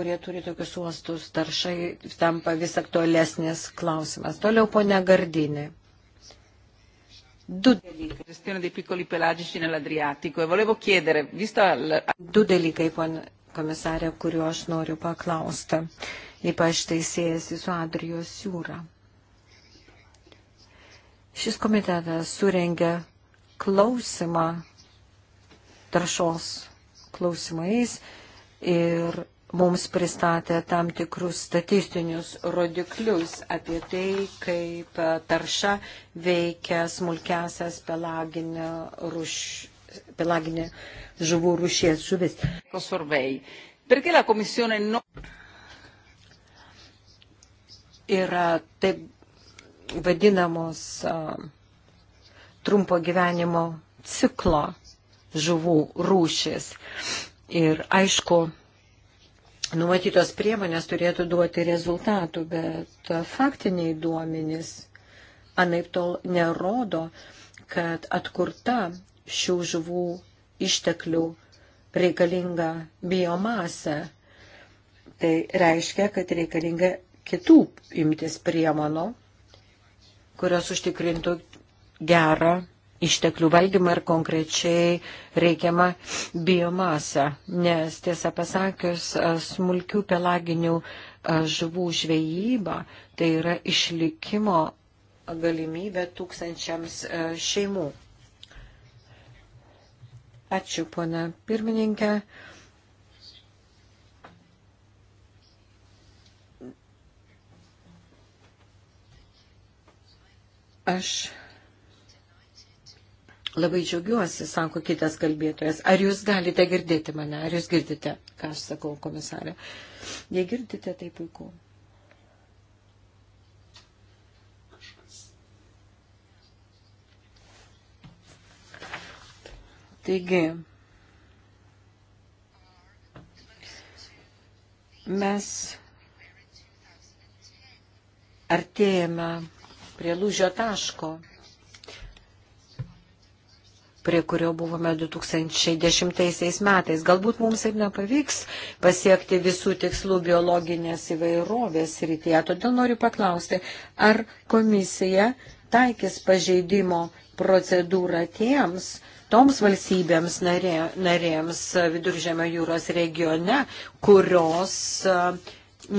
kurie turi tokius uostus, taršai tampa vis aktualesnis klausimas. Toliau ponia Gardinė. Du dalykai. E du dalykai, ponia komisarė, kuriuo aš noriu paklausti. Ypač tai siejasi su Adrijos jūra. Šis komitetas surengė klausimą taršos klausimais ir mums pristatė tam tikrus statistinius rodiklius apie tai, kaip tarša veikia smulkesias pelaginę, ruš, pelaginę žuvų rušies žuvis. Yra taip vadinamos trumpo gyvenimo ciklo žuvų rūšis. Ir aišku, numatytos priemonės turėtų duoti rezultatų, bet faktiniai duomenys anaip tol nerodo, kad atkurta šių žuvų išteklių reikalinga biomasė. Tai reiškia, kad reikalinga kitų imtis priemonų, kurios užtikrintų gerą išteklių valdymą ir konkrečiai reikiamą biomasą, nes tiesą pasakius, smulkių pelaginių žuvų žvejyba tai yra išlikimo galimybė tūkstančiams šeimų. Ačiū, pana pirmininkė. Aš Labai džiaugiuosi, sako kitas kalbėtojas. Ar jūs galite girdėti mane? Ar jūs girdite, ką aš sakau, komisarė? Jei girdite, tai puiku. Taigi, mes artėjame prie lūžio taško prie kurio buvome 2010 metais. Galbūt mums ir nepavyks pasiekti visų tikslų biologinės įvairovės rytyje. Todėl noriu paklausti, ar komisija taikys pažeidimo procedūrą tiems, toms valstybėms narė, narėms Viduržėmio jūros regione, kurios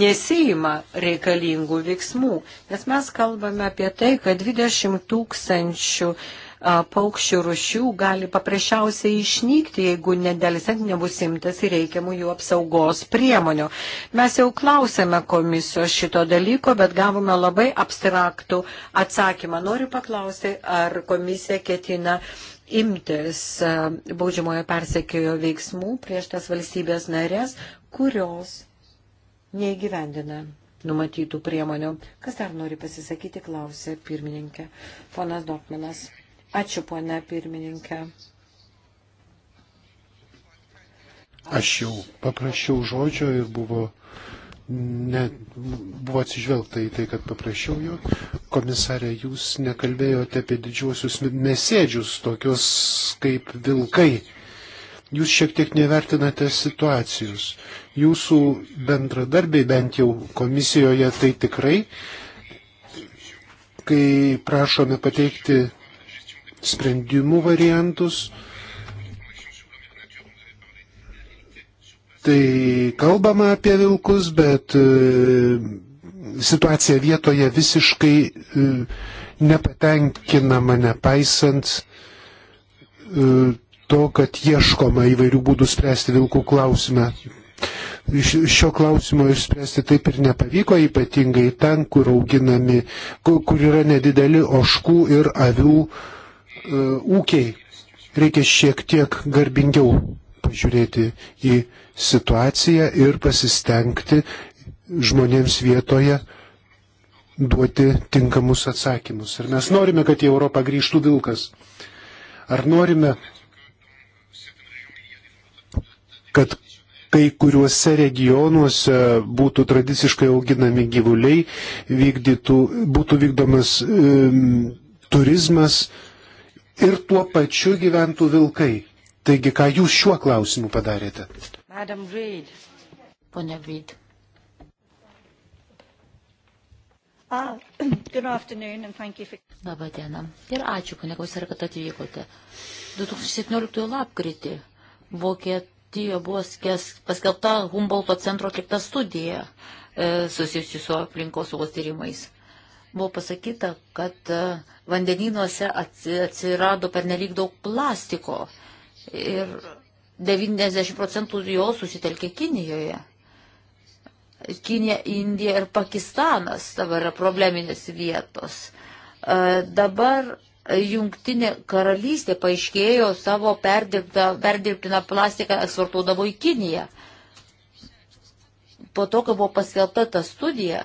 nesiima reikalingų veiksmų. Nes mes kalbame apie tai, kad 20 tūkstančių 000 paukščių rušių gali paprasčiausiai išnykti, jeigu nedėlisant nebus imtas į reikiamų jų apsaugos priemonių. Mes jau klausėme komisijos šito dalyko, bet gavome labai abstraktų atsakymą. Noriu paklausti, ar komisija ketina imtis baudžiamojo persekiojo veiksmų prieš tas valstybės narės, kurios neįgyvendina numatytų priemonių. Kas dar nori pasisakyti, klausė pirmininkė. Ponas Dokmanas. Ačiū, ponia pirmininkė. Aš jau paprašiau žodžio ir buvo, ne, buvo atsižvelgta į tai, kad paprašiau jo. Komisarė, jūs nekalbėjote apie didžiuosius mesėdžius, tokius kaip vilkai jūs šiek tiek nevertinate situacijos. Jūsų bendradarbiai, bent jau komisijoje, tai tikrai, kai prašome pateikti sprendimų variantus. Tai kalbama apie vilkus, bet e, situacija vietoje visiškai e, nepatenkinama, nepaisant e, to, kad ieškoma įvairių būdų spręsti vilkų klausimą. Šio klausimo išspręsti taip ir nepavyko, ypatingai ten, kur auginami, kur yra nedideli oškų ir avių uh, E, ūkiai. Reikia šiek tiek garbingiau pažiūrėti į situaciją ir pasistengti žmonėms vietoje duoti tinkamus atsakymus. Ar mes norime, kad į Europą grįžtų vilkas? Ar norime, kad kai kuriuose regionuose būtų tradiciškai auginami gyvuliai, vykdytų, būtų vykdomas e, turizmas, e, ir tuo pačiu gyventų vilkai. Taigi, ką jūs šiuo klausimu padarėte? Madam Reid. Pone Reid. Ah, for... Labą dieną. Ir ačiū, ponė Kausar, kad atvykote. 2017 lapkritį Vokietijoje buvo skės, paskelbta Humboldto centro atlikta studija e, susijusi su aplinkosaugos tyrimais buvo pasakyta, kad e, vandenynuose atsirado pernelyg daug plastiko ir 90 procentų jo susitelkė Kinijoje. Kinija, Indija ir Pakistanas dabar yra probleminės vietos. E, dabar jungtinė karalystė paaiškėjo savo perdirbtiną plastiką eksportuodavo į Kiniją. Po to, kai buvo paskelbta ta studija,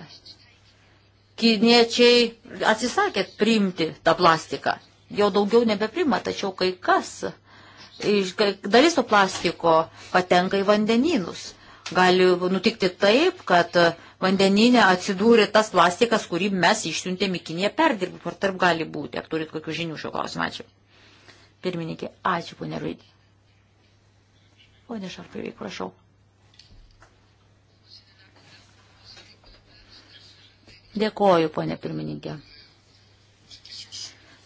kiniečiai atsisakė priimti tą plastiką. Jo daugiau nebeprima, tačiau kai kas, dalis to plastiko patenka į vandenynus. Gali nutikti taip, kad vandeninė atsidūrė tas plastikas, kurį mes išsiuntėm į Kiniją perdirbti. Ar tarp gali būti? Ar turit kokių žinių šio klausimą? Ačiū. Pirmininkė, ačiū, ponė Ruidė. Pone Šarpiai, prašau. Dėkoju, ponė pirmininkė.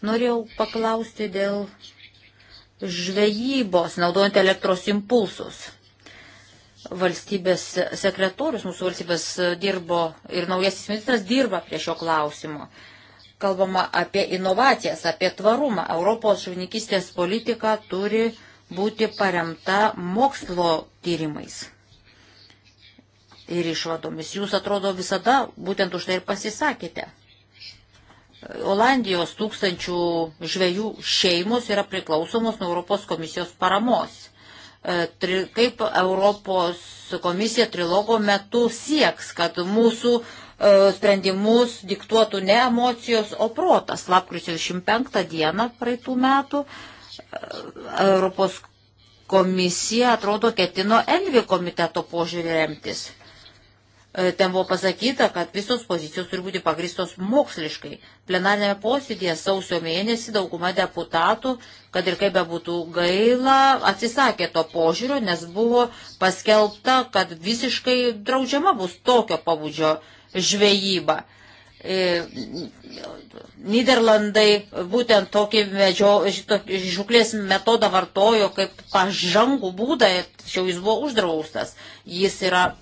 Norėjau paklausti dėl žvejybos, naudojant elektros impulsus. Valstybės sekretorius mūsų valstybės dirbo ir naujasis ministras dirba prie šio klausimo. Kalbama apie inovacijas, apie tvarumą. Europos žuvininkystės politika turi būti paremta mokslo tyrimais ir išvadomis. Jūs atrodo visada būtent už tai ir pasisakėte. Olandijos tūkstančių žvėjų šeimos yra priklausomos nuo Europos komisijos paramos. E, kaip Europos komisija trilogo metu sieks, kad mūsų e, sprendimus diktuotų ne emocijos, o protas. Lapkričio 25 dieną praeitų metų e, Europos komisija atrodo ketino Envi komiteto požiūrį remtis. E, ten buvo pasakyta, kad visos pozicijos turi būti pagristos moksliškai. Plenarnėme posėdėje sausio mėnesį dauguma deputatų, kad ir kaip bebūtų gaila, atsisakė to požiūrio, nes buvo paskelbta, kad visiškai draudžiama bus tokio pabudžio žvejyba. E, Niderlandai būtent tokį medžio, žuklės metodą vartojo kaip pažangų būdą, tačiau jis buvo uždraustas. Jis yra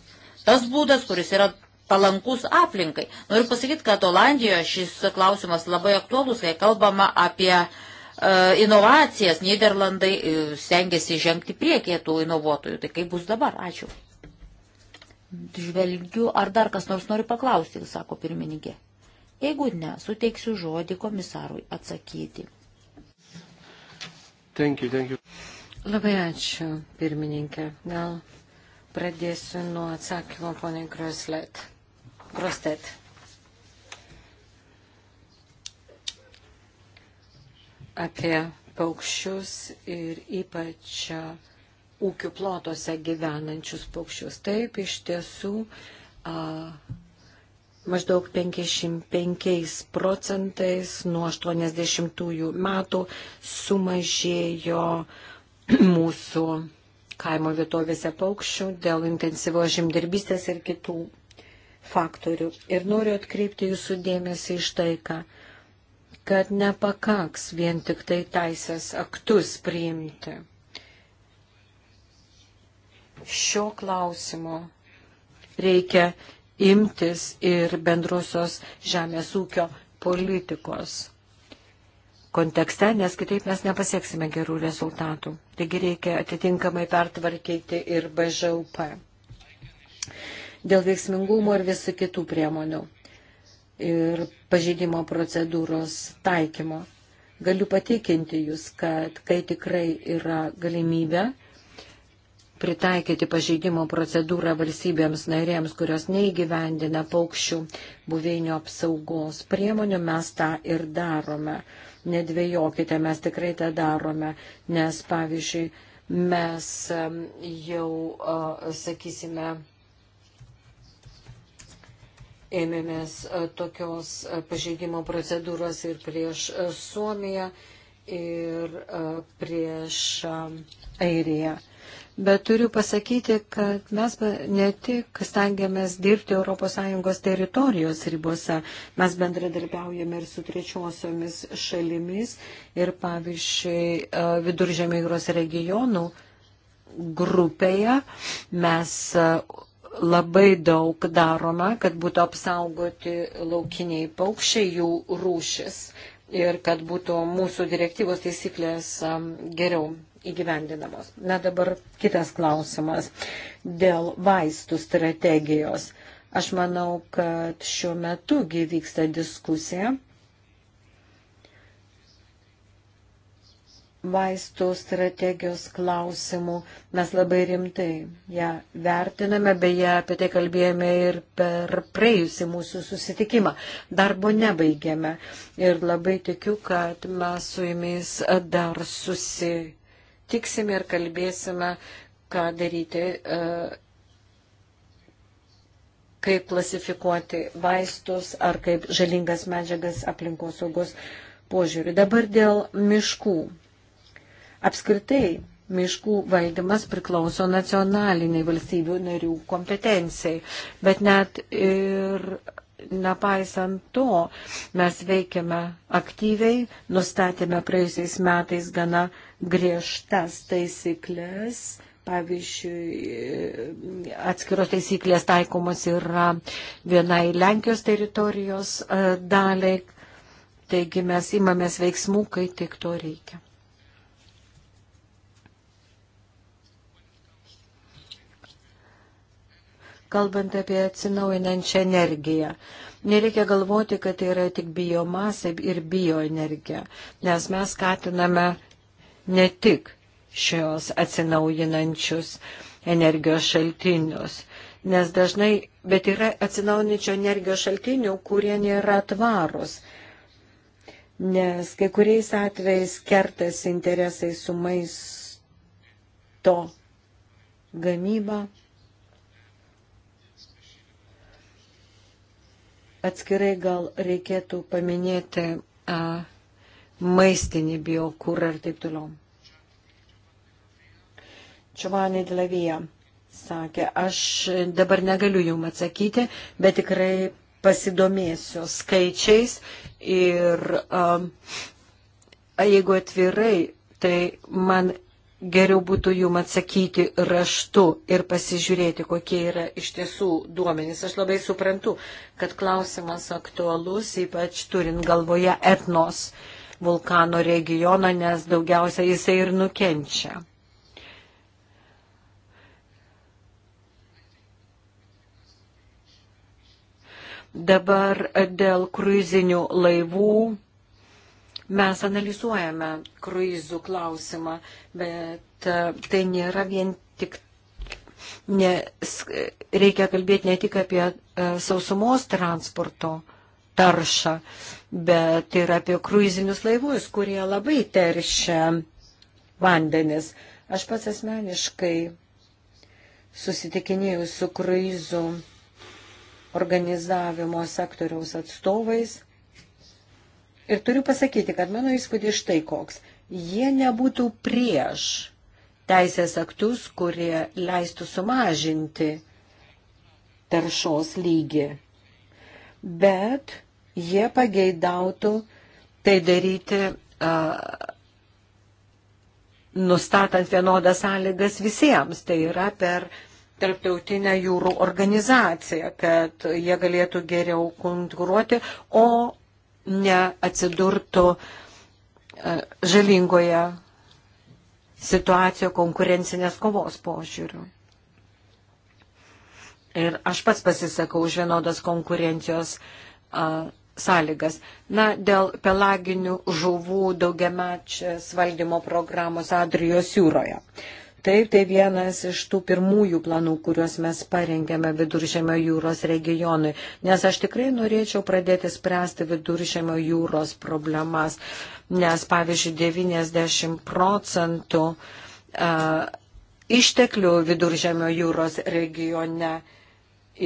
tas būdas, kuris yra palankus aplinkai. Noriu pasakyti, kad Olandijoje šis klausimas labai aktuolus, kai kalbama apie e, inovacijas. Niderlandai e, stengiasi žengti priekį tų inovuotojų. Tai kaip bus dabar? Ačiū. Žvelgiu, ar dar kas nors nori paklausti, sako pirmininkė. Jeigu ne, suteiksiu žodį komisarui atsakyti. Thank you, thank you. Labai ačiū, pirmininkė. Gal Pradėsiu nuo atsakymo, ponė Groslet. Grostet. Apie paukščius ir ypač ūkių plotuose gyvenančius paukščius. Taip, iš tiesų, a, maždaug 55 procentais nuo 80 metų sumažėjo mūsų kaimo vietovėse paukščių, dėl intensyvos žemdirbystės ir kitų faktorių. Ir noriu atkreipti jūsų dėmesį iš tai, ką, kad nepakaks vien tik tai teisės aktus priimti. Šio klausimo reikia imtis ir bendrosios žemės ūkio politikos kontekste, nes kitaip mes nepasieksime gerų rezultatų. Taigi reikia atitinkamai pertvarkyti ir BŽUP. Dėl veiksmingumo ir visų kitų priemonių ir pažydimo procedūros taikymo. Galiu patikinti Jūs, kad kai tikrai yra galimybė, pritaikyti pažeidimo procedūrą valstybėms narėms, kurios neįgyvendina paukščių buveinio apsaugos priemonių, mes tą ir darome. Nedvėjokite, mes tikrai tą darome, nes, pavyzdžiui, mes jau, sakysime, ėmėmės tokios pažeidimo procedūros ir prieš Suomiją, ir prieš Airiją. Bet turiu pasakyti, kad mes ne tik stengiamės dirbti ES teritorijos ribose, mes bendradarbiaujame ir su trečiosiomis šalimis ir pavyzdžiui e, viduržėmio jūros regionų grupėje mes e, labai daug daroma, kad būtų apsaugoti laukiniai paukščiai, jų rūšis ir kad būtų mūsų direktyvos taisyklės geriau įgyvendinamos. Na dabar kitas klausimas dėl vaistų strategijos. Aš manau, kad šiuo metu vyksta diskusija. Vaistų strategijos klausimų mes labai rimtai ją vertiname, beje, apie tai kalbėjome ir per praėjusi mūsų susitikimą. Darbo nebaigėme ir labai tikiu, kad mes su jumis dar susitikime susitiksime ir kalbėsime, ką daryti, e, kaip klasifikuoti vaistus ar kaip žalingas medžiagas aplinkosaugos požiūrių. Dabar dėl miškų. Apskritai, miškų valdymas priklauso nacionaliniai valstybių narių kompetencijai, bet net ir nepaisant to, mes veikiame aktyviai, nustatėme praėjusiais metais gana uh, griežtas taisyklės. Pavyzdžiui, atskiros taisyklės taikomos yra vienai Lenkijos teritorijos e, daliai, taigi mes imamės veiksmų, kai tik to reikia. kalbant apie atsinaujinančią energiją. Nereikia galvoti, kad tai yra tik biomasė ir bioenergija, nes mes skatiname ne tik šios atsinaujinančius energijos šaltinius, nes dažnai, bet yra atsinaujinančio energijos šaltinių, kurie nėra tvarus, nes kai kuriais atvejais kertas interesai su maisto gamyba. Atskirai gal reikėtų paminėti a, maistinį biokūrą ir taip toliau. Čiovanai Dlavija sakė, aš dabar negaliu jum atsakyti, bet tikrai pasidomėsiu skaičiais ir um, jeigu atvirai, tai man geriau būtų jum atsakyti raštu ir pasižiūrėti, kokie yra iš tiesų duomenys. Aš labai suprantu, kad klausimas aktualus, ypač turint galvoje etnos uh, vulkano regioną, nes daugiausia jisai ir nukenčia. Dabar dėl kruizinių laivų mes analizuojame kruizų klausimą, bet e, tai nėra vien tik. Ne, reikia kalbėti ne tik apie e, sausumos transporto uh, taršą, bet ir apie kruizinius laivus, kurie labai teršia vandenis. Aš pats asmeniškai susitikinėjau su kruizų organizavimo sektoriaus atstovais ir turiu pasakyti, kad mano įspūdis štai koks. Jie nebūtų prieš teisės aktus, kurie leistų sumažinti taršos lygį. Bet jie pageidautų tai daryti uh, nustatant vienodas sąlygas visiems, tai yra per tarptautinę jūrų organizaciją, kad jie galėtų geriau konkuruoti, o ne atsidurtų uh, žalingoje situacijoje konkurencinės kovos požiūrių. Ir aš pats pasisakau už vienodas konkurencijos uh, sąlygas. Na, dėl pelaginių žuvų daugiamečias valdymo programos Adrijos jūroje. Taip, tai vienas iš tų pirmųjų planų, kuriuos mes parengėme viduržėmio jūros regionui, nes aš tikrai norėčiau pradėti spręsti viduržėmio jūros problemas, nes pavyzdžiui 90 procentų uh, išteklių viduržėmio jūros regione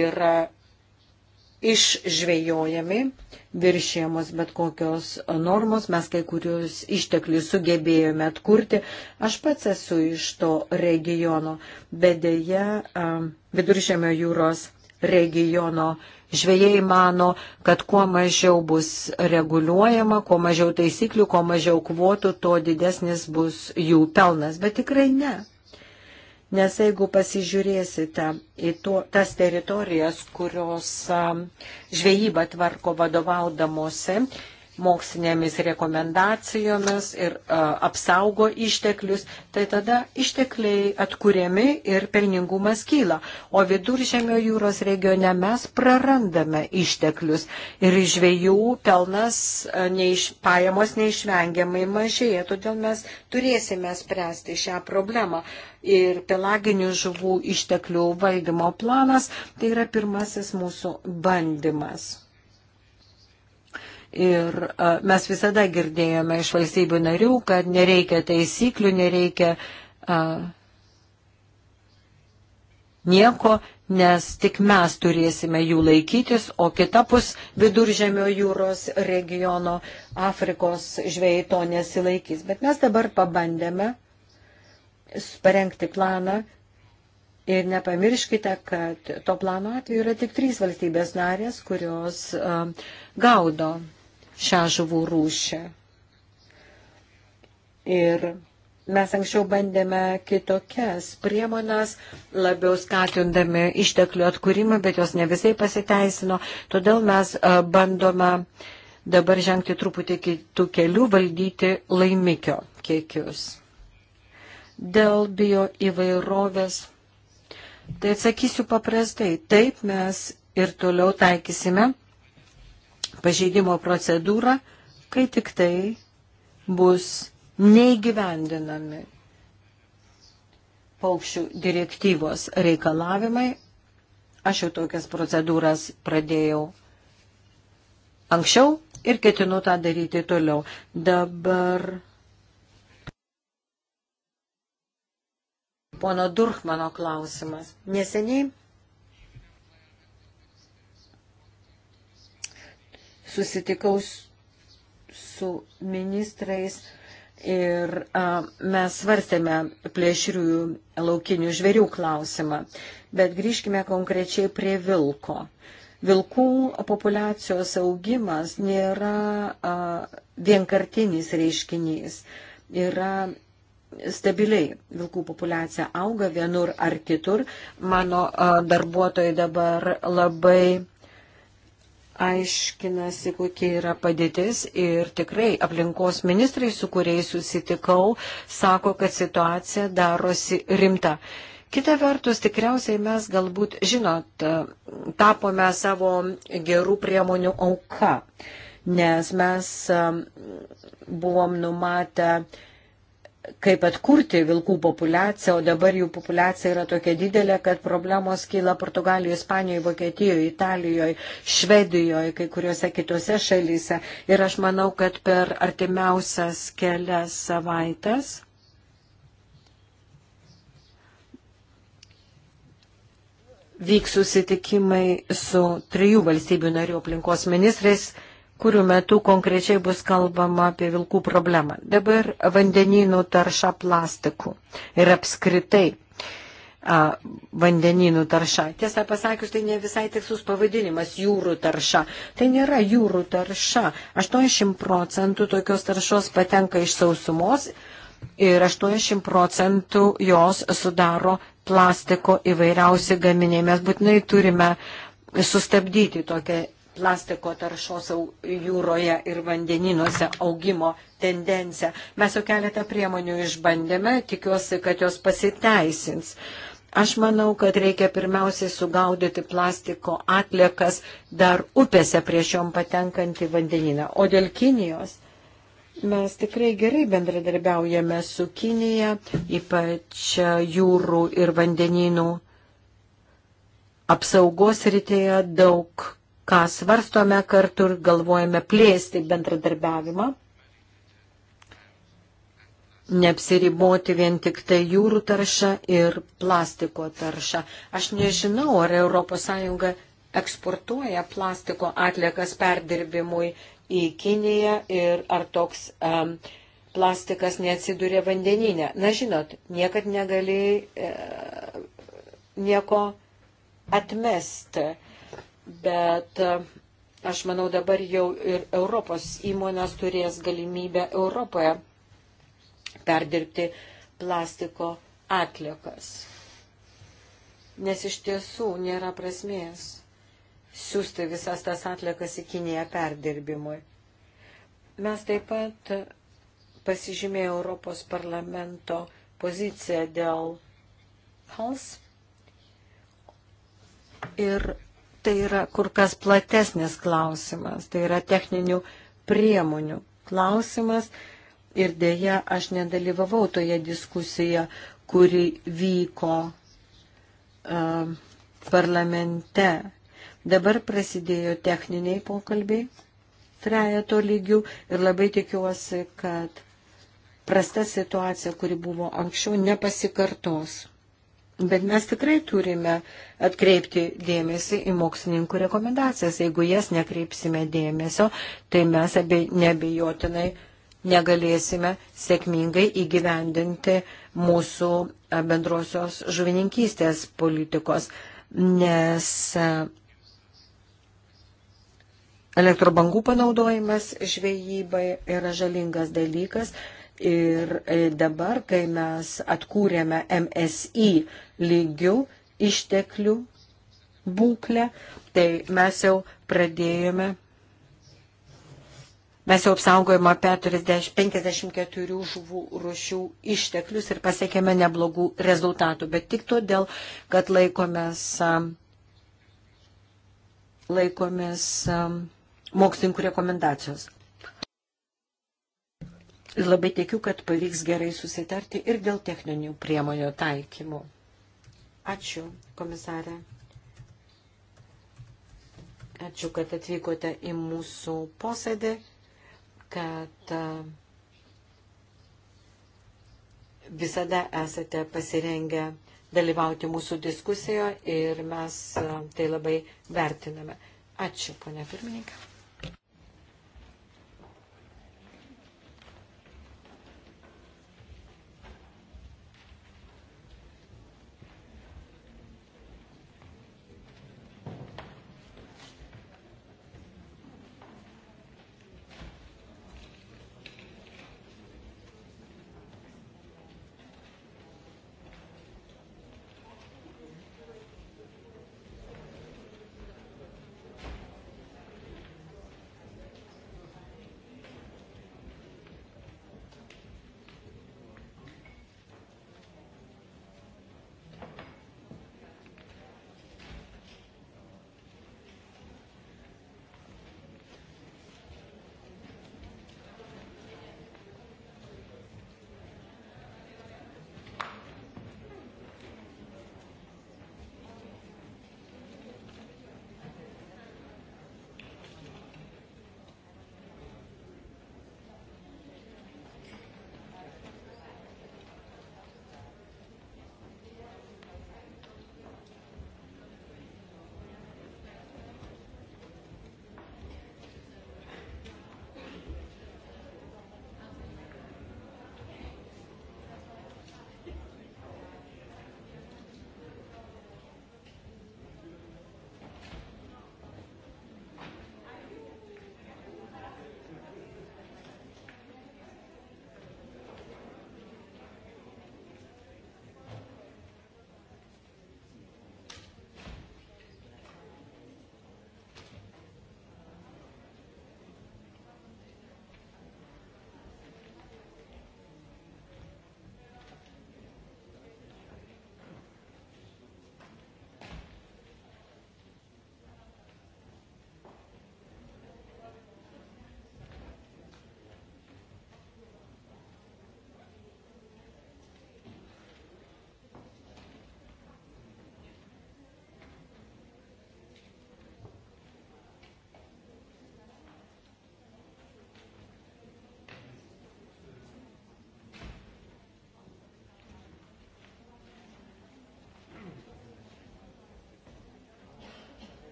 yra išžvejojami, viršėjamos bet kokios normos, mes kai kurius išteklius sugebėjome atkurti. Aš pats esu iš to regiono, bet dėja viduržėmio jūros regiono žvėjai mano, kad kuo mažiau bus reguliuojama, kuo mažiau taisyklių, kuo mažiau kvotų, tuo didesnis bus jų pelnas. Bet tikrai ne. Nes jeigu pasižiūrėsite į to, tas teritorijas, kurios žvejybą tvarko vadovaudamosi mokslinėmis rekomendacijomis ir a, apsaugo išteklius, tai tada ištekliai atkuriami ir pelningumas kyla. O viduržėmio jūros regione mes prarandame išteklius ir žvėjų pelnas a, neiš, pajamos neišvengiamai mažėja, todėl mes turėsime spręsti šią problemą ir pelaginių žuvų išteklių valdymo planas, tai yra pirmasis mūsų bandymas. Ir mes visada girdėjome iš valstybių narių, kad nereikia taisyklių, nereikia a, nieko, nes tik mes turėsime jų laikytis, o kitapus viduržėmio jūros regiono Afrikos žvėjai to nesilaikys. Bet mes dabar pabandėme parengti planą ir nepamirškite, kad to plano atveju yra tik trys valstybės narės, kurios a, gaudo šią žuvų rūšį. Ir mes anksčiau bandėme kitokias priemonas, labiau skatindami išteklių atkūrimą, bet jos ne visai pasiteisino. Todėl mes bandome dabar žengti truputį kitų kelių, valdyti laimikio kiekius. Dėl bio įvairovės. Tai atsakysiu paprastai. Taip mes ir toliau taikysime pažeidimo procedūrą, kai tik tai bus neįgyvendinami paukščių direktyvos reikalavimai. Aš jau tokias procedūras pradėjau anksčiau ir ketinu tą daryti toliau. Dabar pono Durkmano klausimas. Neseniai susitikau su ministrais ir a, mes svarstėme plėšriųjų laukinių žvėrių klausimą. Bet grįžkime konkrečiai prie vilko. Vilkų populiacijos augimas nėra a, vienkartinis reiškinys. Yra stabiliai vilkų populiacija auga vienur ar kitur. Mano a, darbuotojai dabar labai aiškinasi, kokia yra padėtis ir tikrai aplinkos ministrai, su kuriais susitikau, sako, kad situacija darosi rimta. Kita vertus, tikriausiai mes galbūt, žinot, tapome savo gerų priemonių auka, nes mes um, buvom numatę kaip atkurti vilkų populiaciją, o dabar jų populiacija yra tokia didelė, kad problemos kyla Portugalijoje, Ispanijoje, Vokietijoje, Italijoje, Švedijoje, kai kuriuose kitose šalyse. Ir aš manau, kad per artimiausias kelias savaitės. Vyks susitikimai su trijų valstybių narių aplinkos ministrais kurių metu konkrečiai bus kalbama apie vilkų problemą. Dabar vandenynų tarša plastikų ir apskritai a, vandenynų tarša. Tiesą pasakius, tai ne visai tikslus pavadinimas jūrų tarša. Tai nėra jūrų tarša. 80 procentų tokios taršos patenka iš sausumos ir 80 procentų jos sudaro plastiko įvairiausi gaminiai. Mes būtinai turime sustabdyti tokią plastiko taršos jūroje ir vandeninuose augimo tendenciją. Mes jau keletą priemonių išbandėme, tikiuosi, kad jos pasiteisins. Aš manau, kad reikia pirmiausiai sugaudyti plastiko atliekas dar upėse prieš jom patenkant į vandeniną. O dėl Kinijos mes tikrai gerai bendradarbiaujame su Kinija, ypač jūrų ir vandeninų apsaugos rytėje daug ką svarstome kartu ir galvojame plėsti bendradarbiavimą, neapsiriboti vien tik tai jūrų taršą ir plastiko taršą. Aš nežinau, ar ES eksportuoja plastiko atliekas perdirbimui į Kiniją ir ar toks um, plastikas neatsidūrė vandeninė. Na žinot, niekad negali e, nieko atmesti bet e, aš manau dabar jau ir Europos įmonės turės galimybę Europoje perdirbti plastiko atliekas. Nes iš tiesų nėra prasmės siūsti visas tas atliekas į Kiniją perdirbimui. Mes taip pat pasižymėjo Europos parlamento poziciją dėl HALS ir tai yra kur kas platesnis klausimas, tai yra techninių priemonių klausimas ir dėja aš nedalyvavau toje diskusijoje, kuri vyko uh, parlamente. Dabar prasidėjo techniniai pokalbiai trejato lygių ir labai tikiuosi, kad prasta situacija, kuri buvo anksčiau, nepasikartos. Bet mes tikrai turime atkreipti dėmesį į mokslininkų rekomendacijas. Jeigu jas nekreipsime dėmesio, tai mes abe, nebejotinai negalėsime sėkmingai įgyvendinti mūsų bendrosios žuvininkystės politikos, nes e, elektrobangų panaudojimas žvejybai yra žalingas dalykas Ir e, dabar, kai mes atkūrėme MSI lygių išteklių būklę, tai mes jau pradėjome, mes jau apsaugojame 40, 54 žuvų rušių išteklius ir pasiekėme neblogų rezultatų, bet tik todėl, kad laikomės, laikomės mokslininkų rekomendacijos. Ir labai tikiu, kad pavyks gerai susitarti ir dėl techninių priemonių taikymų. Ačiū, komisarė. Ačiū, kad atvykote į mūsų posėdį, kad visada esate pasirengę dalyvauti mūsų diskusijoje ir mes tai labai vertiname. Ačiū, ponia pirmininkė.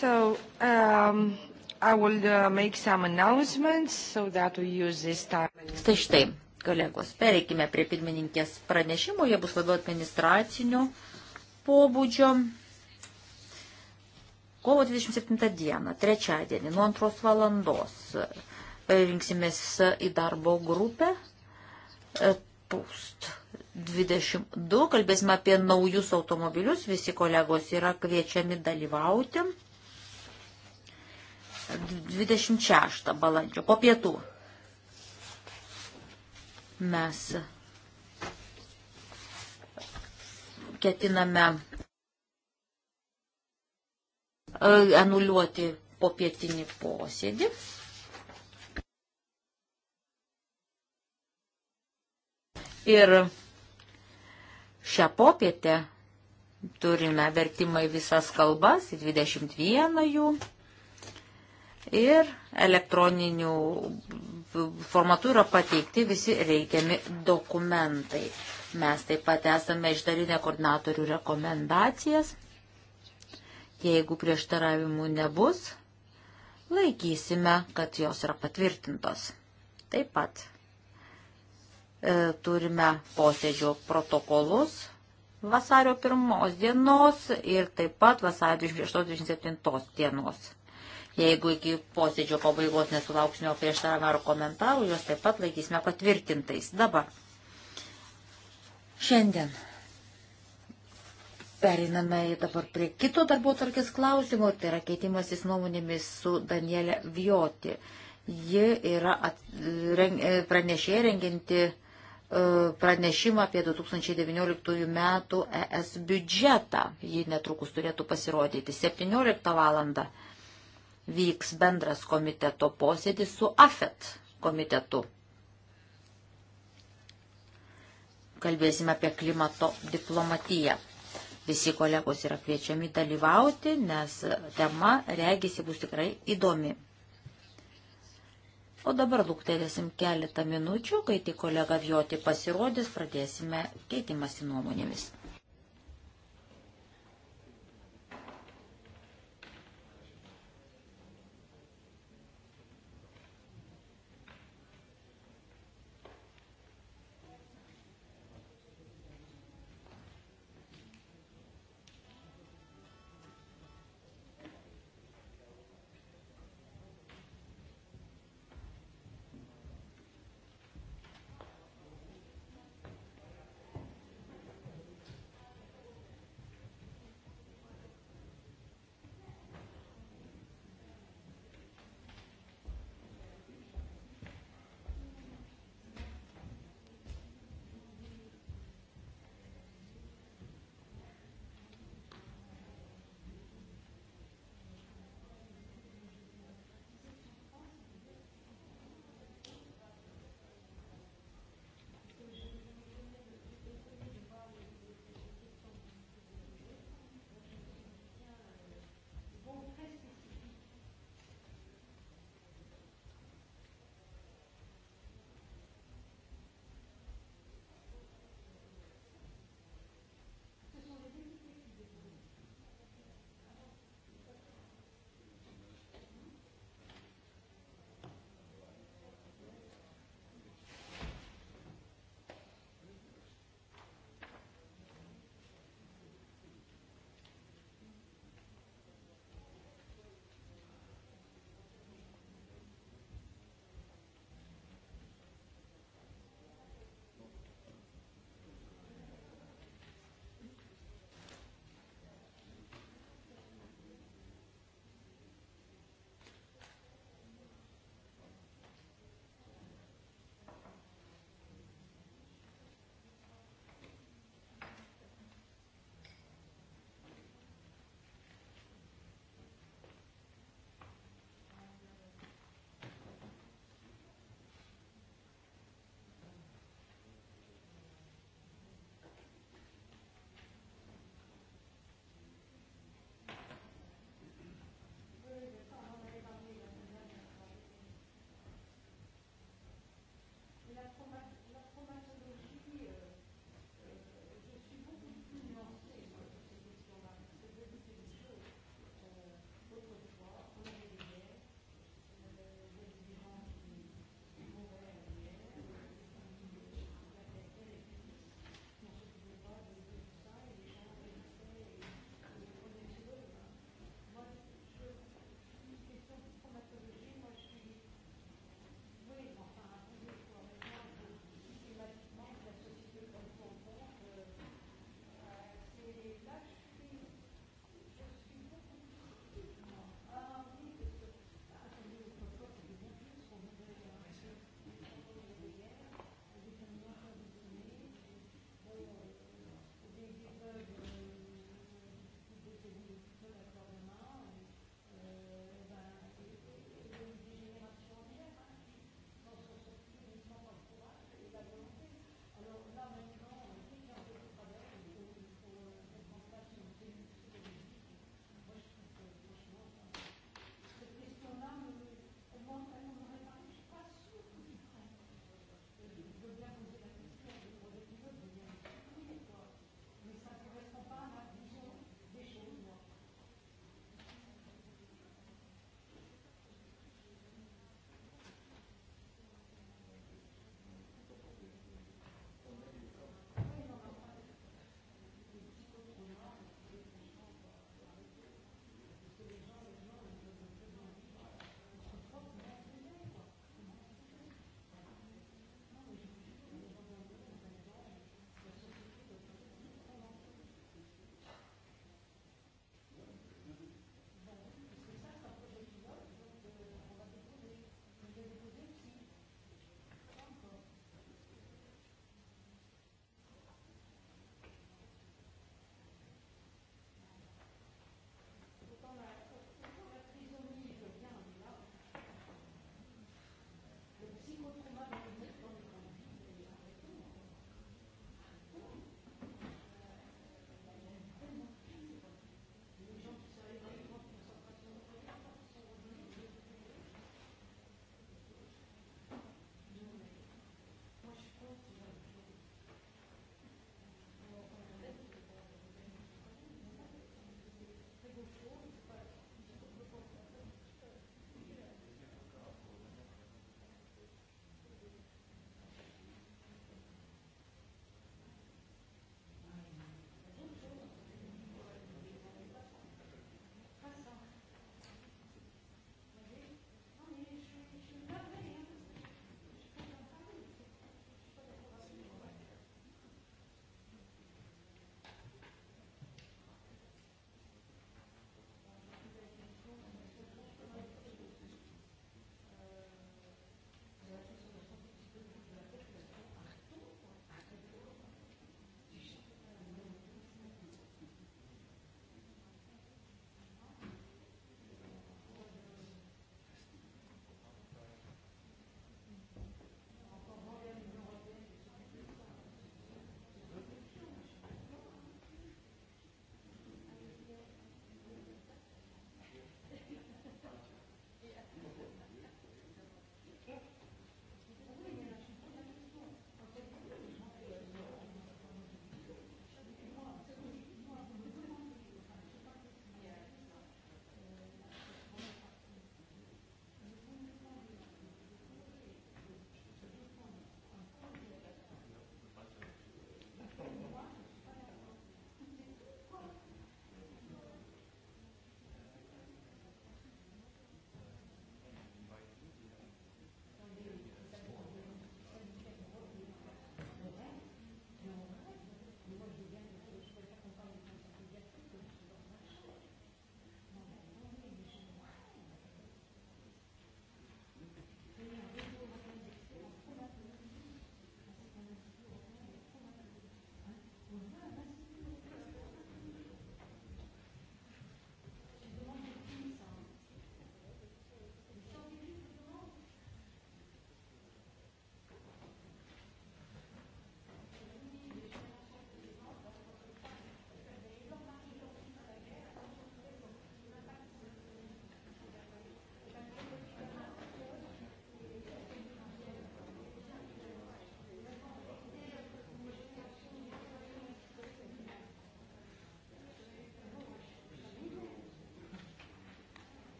So um, I will uh, make some announcements so that we use this time. Štai štai, kolegos, pereikime prie pirmininkės pranešimo, jie bus labiau administracinio pobūdžio. Kovo 27 dieną, trečiadienį, nuo antros valandos e, rinksimės į darbo grupę e, PUST 22, kalbėsime apie naujus automobilius, visi kolegos yra kviečiami dalyvauti. 26 balandžio, po pietų. Mes ketiname e, anuliuoti po pietinį posėdį. Ir šią popietę turime vertimą į visas kalbas, 21 jų ir elektroniniu formatu yra pateikti visi reikiami dokumentai. Mes taip pat esame išdarinę koordinatorių rekomendacijas. Jeigu prieštaravimų nebus, laikysime, kad jos yra patvirtintos. Taip pat e, turime posėdžio protokolus vasario pirmos dienos ir taip pat vasario 26-27 dienos. Jeigu iki posėdžio pabaigos nesulauksime prieštaravimą ar komentarų, juos taip pat laikysime patvirtintais. Dabar. Šiandien. Periname dabar prie kito darbo tarkės klausimo, tai yra keitimasis nuomonėmis su Danielė Vjoti. Ji yra at, ren, e, pranešė renginti e, pranešimą apie 2019 metų ES biudžetą. Ji netrukus turėtų pasirodyti 17 valandą vyks bendras komiteto posėdis su AFET komitetu. Kalbėsime apie klimato diplomatiją. Visi kolegos yra kviečiami dalyvauti, nes tema regisi bus tikrai įdomi. O dabar lūktėlėsim keletą minučių, kai tik kolega Vjoti pasirodys, pradėsime keitimąsi nuomonėmis.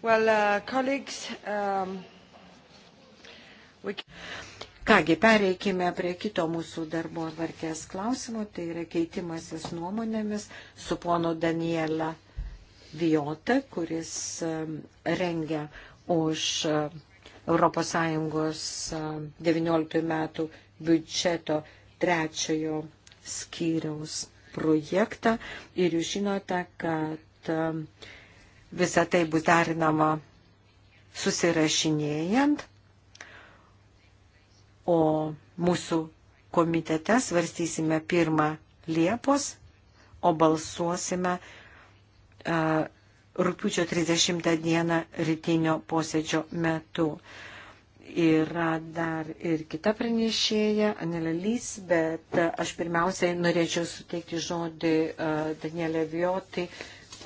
Well, uh, colleagues, um, we... Kągi, pereikime prie kito mūsų darbo atvarkės klausimo, tai yra keitimasis nuomonėmis su ponu Daniela Vijota, kuris um, rengia už uh, ES 19 uh, metų biudžeto trečiojo skyriaus projektą ir jūs žinote, kad um, visa tai bus darinama susirašinėjant, o mūsų komitete svarstysime pirmą Liepos, o balsuosime uh, rūpiučio 30 dieną rytinio posėdžio metu yra dar ir kita pranešėja, Anelelys, bet e, aš pirmiausiai norėčiau suteikti žodį e, Danielė Vijoti,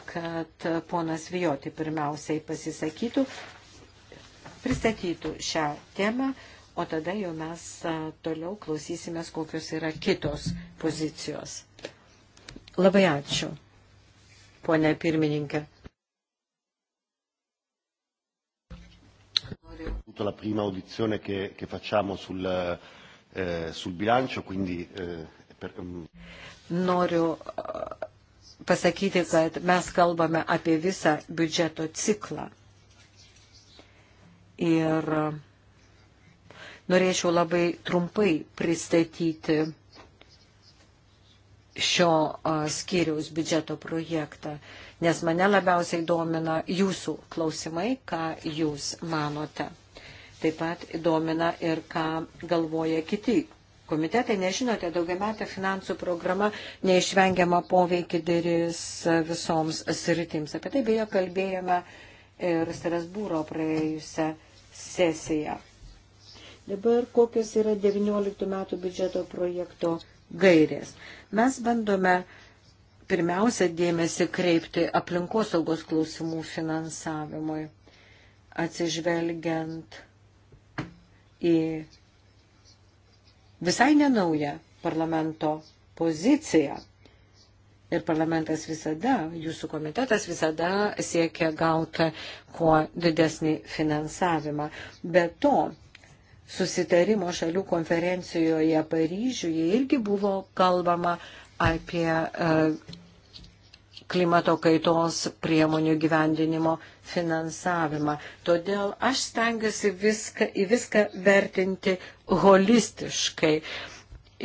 kad e, ponas Vijoti pirmiausiai pasisakytų, pristatytų šią temą, o tada jau mes toliau klausysimės, kokios yra kitos pozicijos. Labai ačiū, ponė pirmininkė. soprattutto la prima audizione che, che facciamo sul, eh, sul bilancio, quindi... Eh, per... Mm. Noriu eh, pasakyti, kad mes kalbame apie visą biudžeto ciklą. Ir eh, norėčiau labai trumpai pristatyti šio eh, skyriaus biudžeto projektą, nes mane labiausiai domina jūsų klausimai, ką jūs manote. Taip pat įdomina ir ką galvoja kiti. Komitetai, nežinote, daugiametė finansų programa neišvengiama poveikį dėris visoms sritims. Apie tai beje kalbėjome ir Strasbūro praėjusią sesiją. Dabar kokios yra 19 metų biudžeto projekto gairės. Mes bandome pirmiausia dėmesį kreipti aplinkosaugos klausimų finansavimui, atsižvelgiant į visai nenaują parlamento poziciją. Ir parlamentas visada, jūsų komitetas visada siekia gauti kuo didesnį finansavimą. Be to, susitarimo šalių konferencijoje Paryžiuje irgi buvo kalbama apie uh, klimato kaitos priemonių gyvendinimo finansavimą. Todėl aš stengiuosi viską, į viską vertinti holistiškai.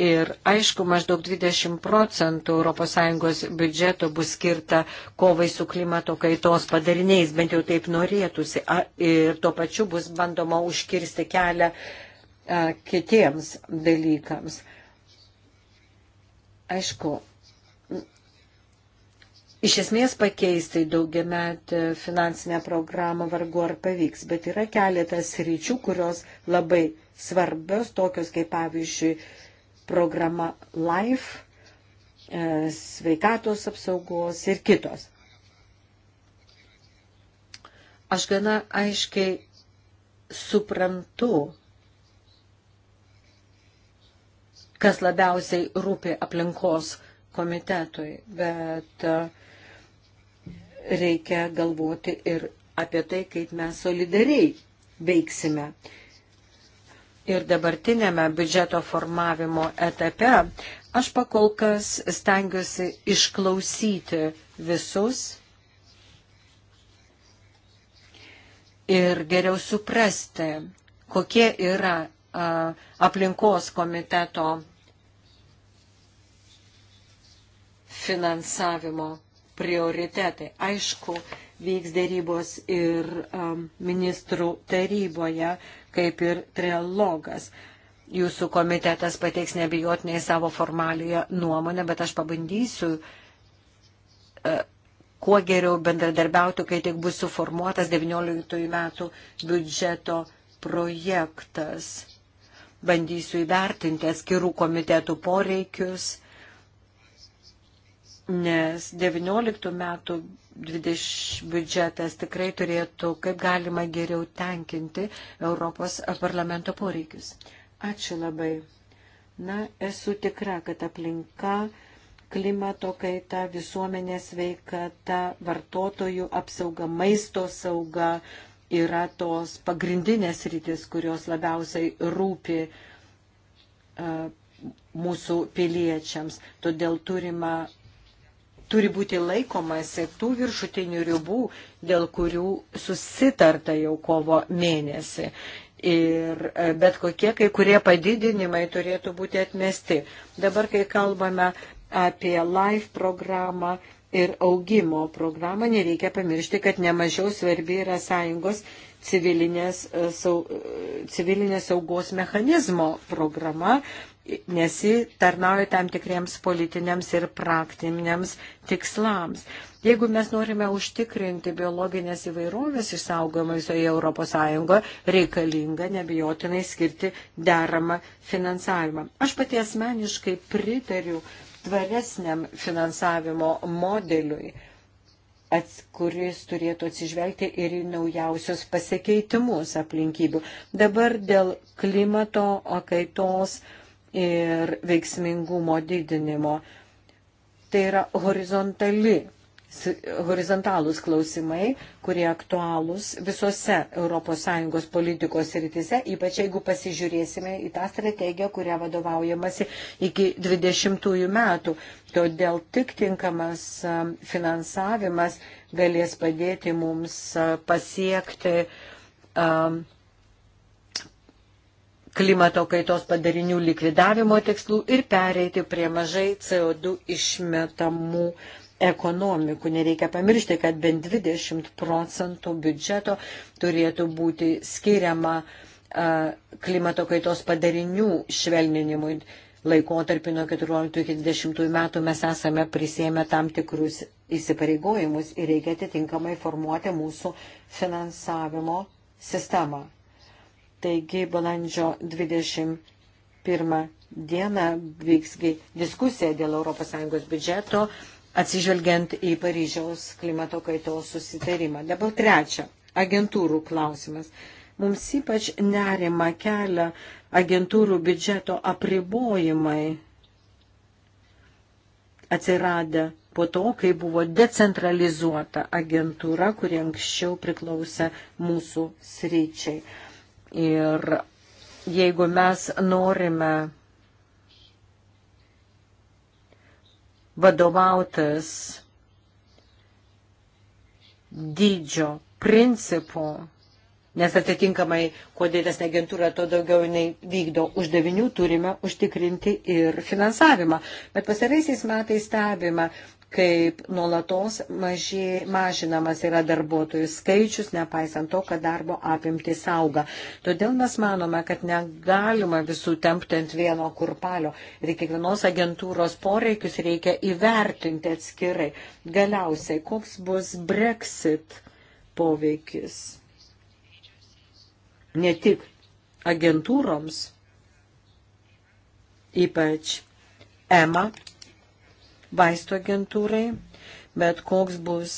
Ir aišku, maždaug 20 procentų ES biudžeto bus skirta kovai su klimato kaitos padariniais, bent jau taip norėtųsi. Ir tuo pačiu bus bandoma užkirsti kelią a, kitiems dalykams. Aišku, iš esmės pakeisti daugiametę finansinę programą vargu ar pavyks, bet yra keletas ryčių, kurios labai svarbios, tokios kaip pavyzdžiui programa LIFE, e, sveikatos apsaugos ir kitos. Aš gana aiškiai suprantu, kas labiausiai rūpi aplinkos komitetui, bet uh, reikia galvoti ir apie tai, kaip mes solidariai veiksime. Ir dabartinėme biudžeto formavimo etape aš pakol kas stengiuosi išklausyti visus ir geriau suprasti, kokie yra a, aplinkos komiteto finansavimo prioritetai. Aišku, vyks dėrybos ir um, ministrų taryboje, kaip ir trilogas. Jūsų komitetas pateiks nebijotinai savo formaliją nuomonę, bet aš pabandysiu uh, kuo geriau bendradarbiauti, kai tik bus suformuotas 19 metų biudžeto projektas. Bandysiu įvertinti atskirų komitetų poreikius nes 19 metų 20 biudžetas tikrai turėtų kaip galima geriau tenkinti Europos parlamento poreikius. Ačiū labai. Na, esu tikra, kad aplinka, klimato kaita, visuomenės veikata, vartotojų apsauga, maisto sauga yra tos pagrindinės rytis, kurios labiausiai rūpi uh, mūsų piliečiams. Todėl turima turi būti laikomasi tų viršutinių ribų, dėl kurių susitarta jau kovo mėnesį. Ir e, bet kokie kai kurie padidinimai turėtų būti atmesti. Dabar, kai kalbame apie live programą ir augimo programą, nereikia pamiršti, kad nemažiau svarbi yra sąjungos civilinės, e, sau, e, civilinės saugos mechanizmo programa, nes ji tarnauja tam tikriems politiniams ir praktiniams tikslams. Jeigu mes norime užtikrinti biologinės įvairovės išsaugojimą visoje ES, reikalinga nebijotinai skirti deramą finansavimą. Aš pati asmeniškai pritariu tvaresniam finansavimo modeliui ats, kuris turėtų atsižvelgti ir į naujausius pasikeitimus aplinkybių. Dabar dėl klimato kaitos ir veiksmingumo didinimo. Tai yra horizontali horizontalūs klausimai, kurie aktualūs visose ES politikos rytise, ypač jeigu pasižiūrėsime į tą strategiją, kurią vadovaujamasi iki 20 metų. Todėl tik tinkamas finansavimas galės padėti mums pasiekti um, klimato kaitos padarinių likvidavimo tikslų ir pereiti prie mažai CO2 išmetamų uh, ekonomikų. Nereikia pamiršti, kad bent 20 procentų biudžeto turėtų būti skiriama klimato kaitos padarinių švelninimui. Laikotarpį nuo 14 iki 20 metų mes esame prisėmę tam tikrus įsipareigojimus ir reikia atitinkamai formuoti mūsų finansavimo sistemą. Taigi balandžio 21 dieną vyksgi diskusija dėl ES biudžeto atsižvelgiant į Paryžiaus klimato kaitos susitarimą. Dabar trečia, agentūrų klausimas. Mums ypač nerima kelia agentūrų biudžeto apribojimai atsiradę po to, kai buvo decentralizuota agentūra, kuri anksčiau priklausė mūsų sryčiai. Ir jeigu mes norime vadovautas dydžio principu, nes atitinkamai, kuo didesnė agentūra, to daugiau jinai vykdo uždavinių, turime užtikrinti ir finansavimą. Bet pasaraisiais metais stebima, kaip nuolatos maži, mažinamas yra darbuotojų skaičius, nepaisant to, kad darbo apimtis auga. Todėl mes manome, kad negalima visų tempti ant vieno kurpalio ir kiekvienos agentūros poreikius reikia įvertinti atskirai. Galiausiai, koks bus Brexit poveikis? Ne tik agentūroms, ypač EMA vaisto agentūrai, bet koks bus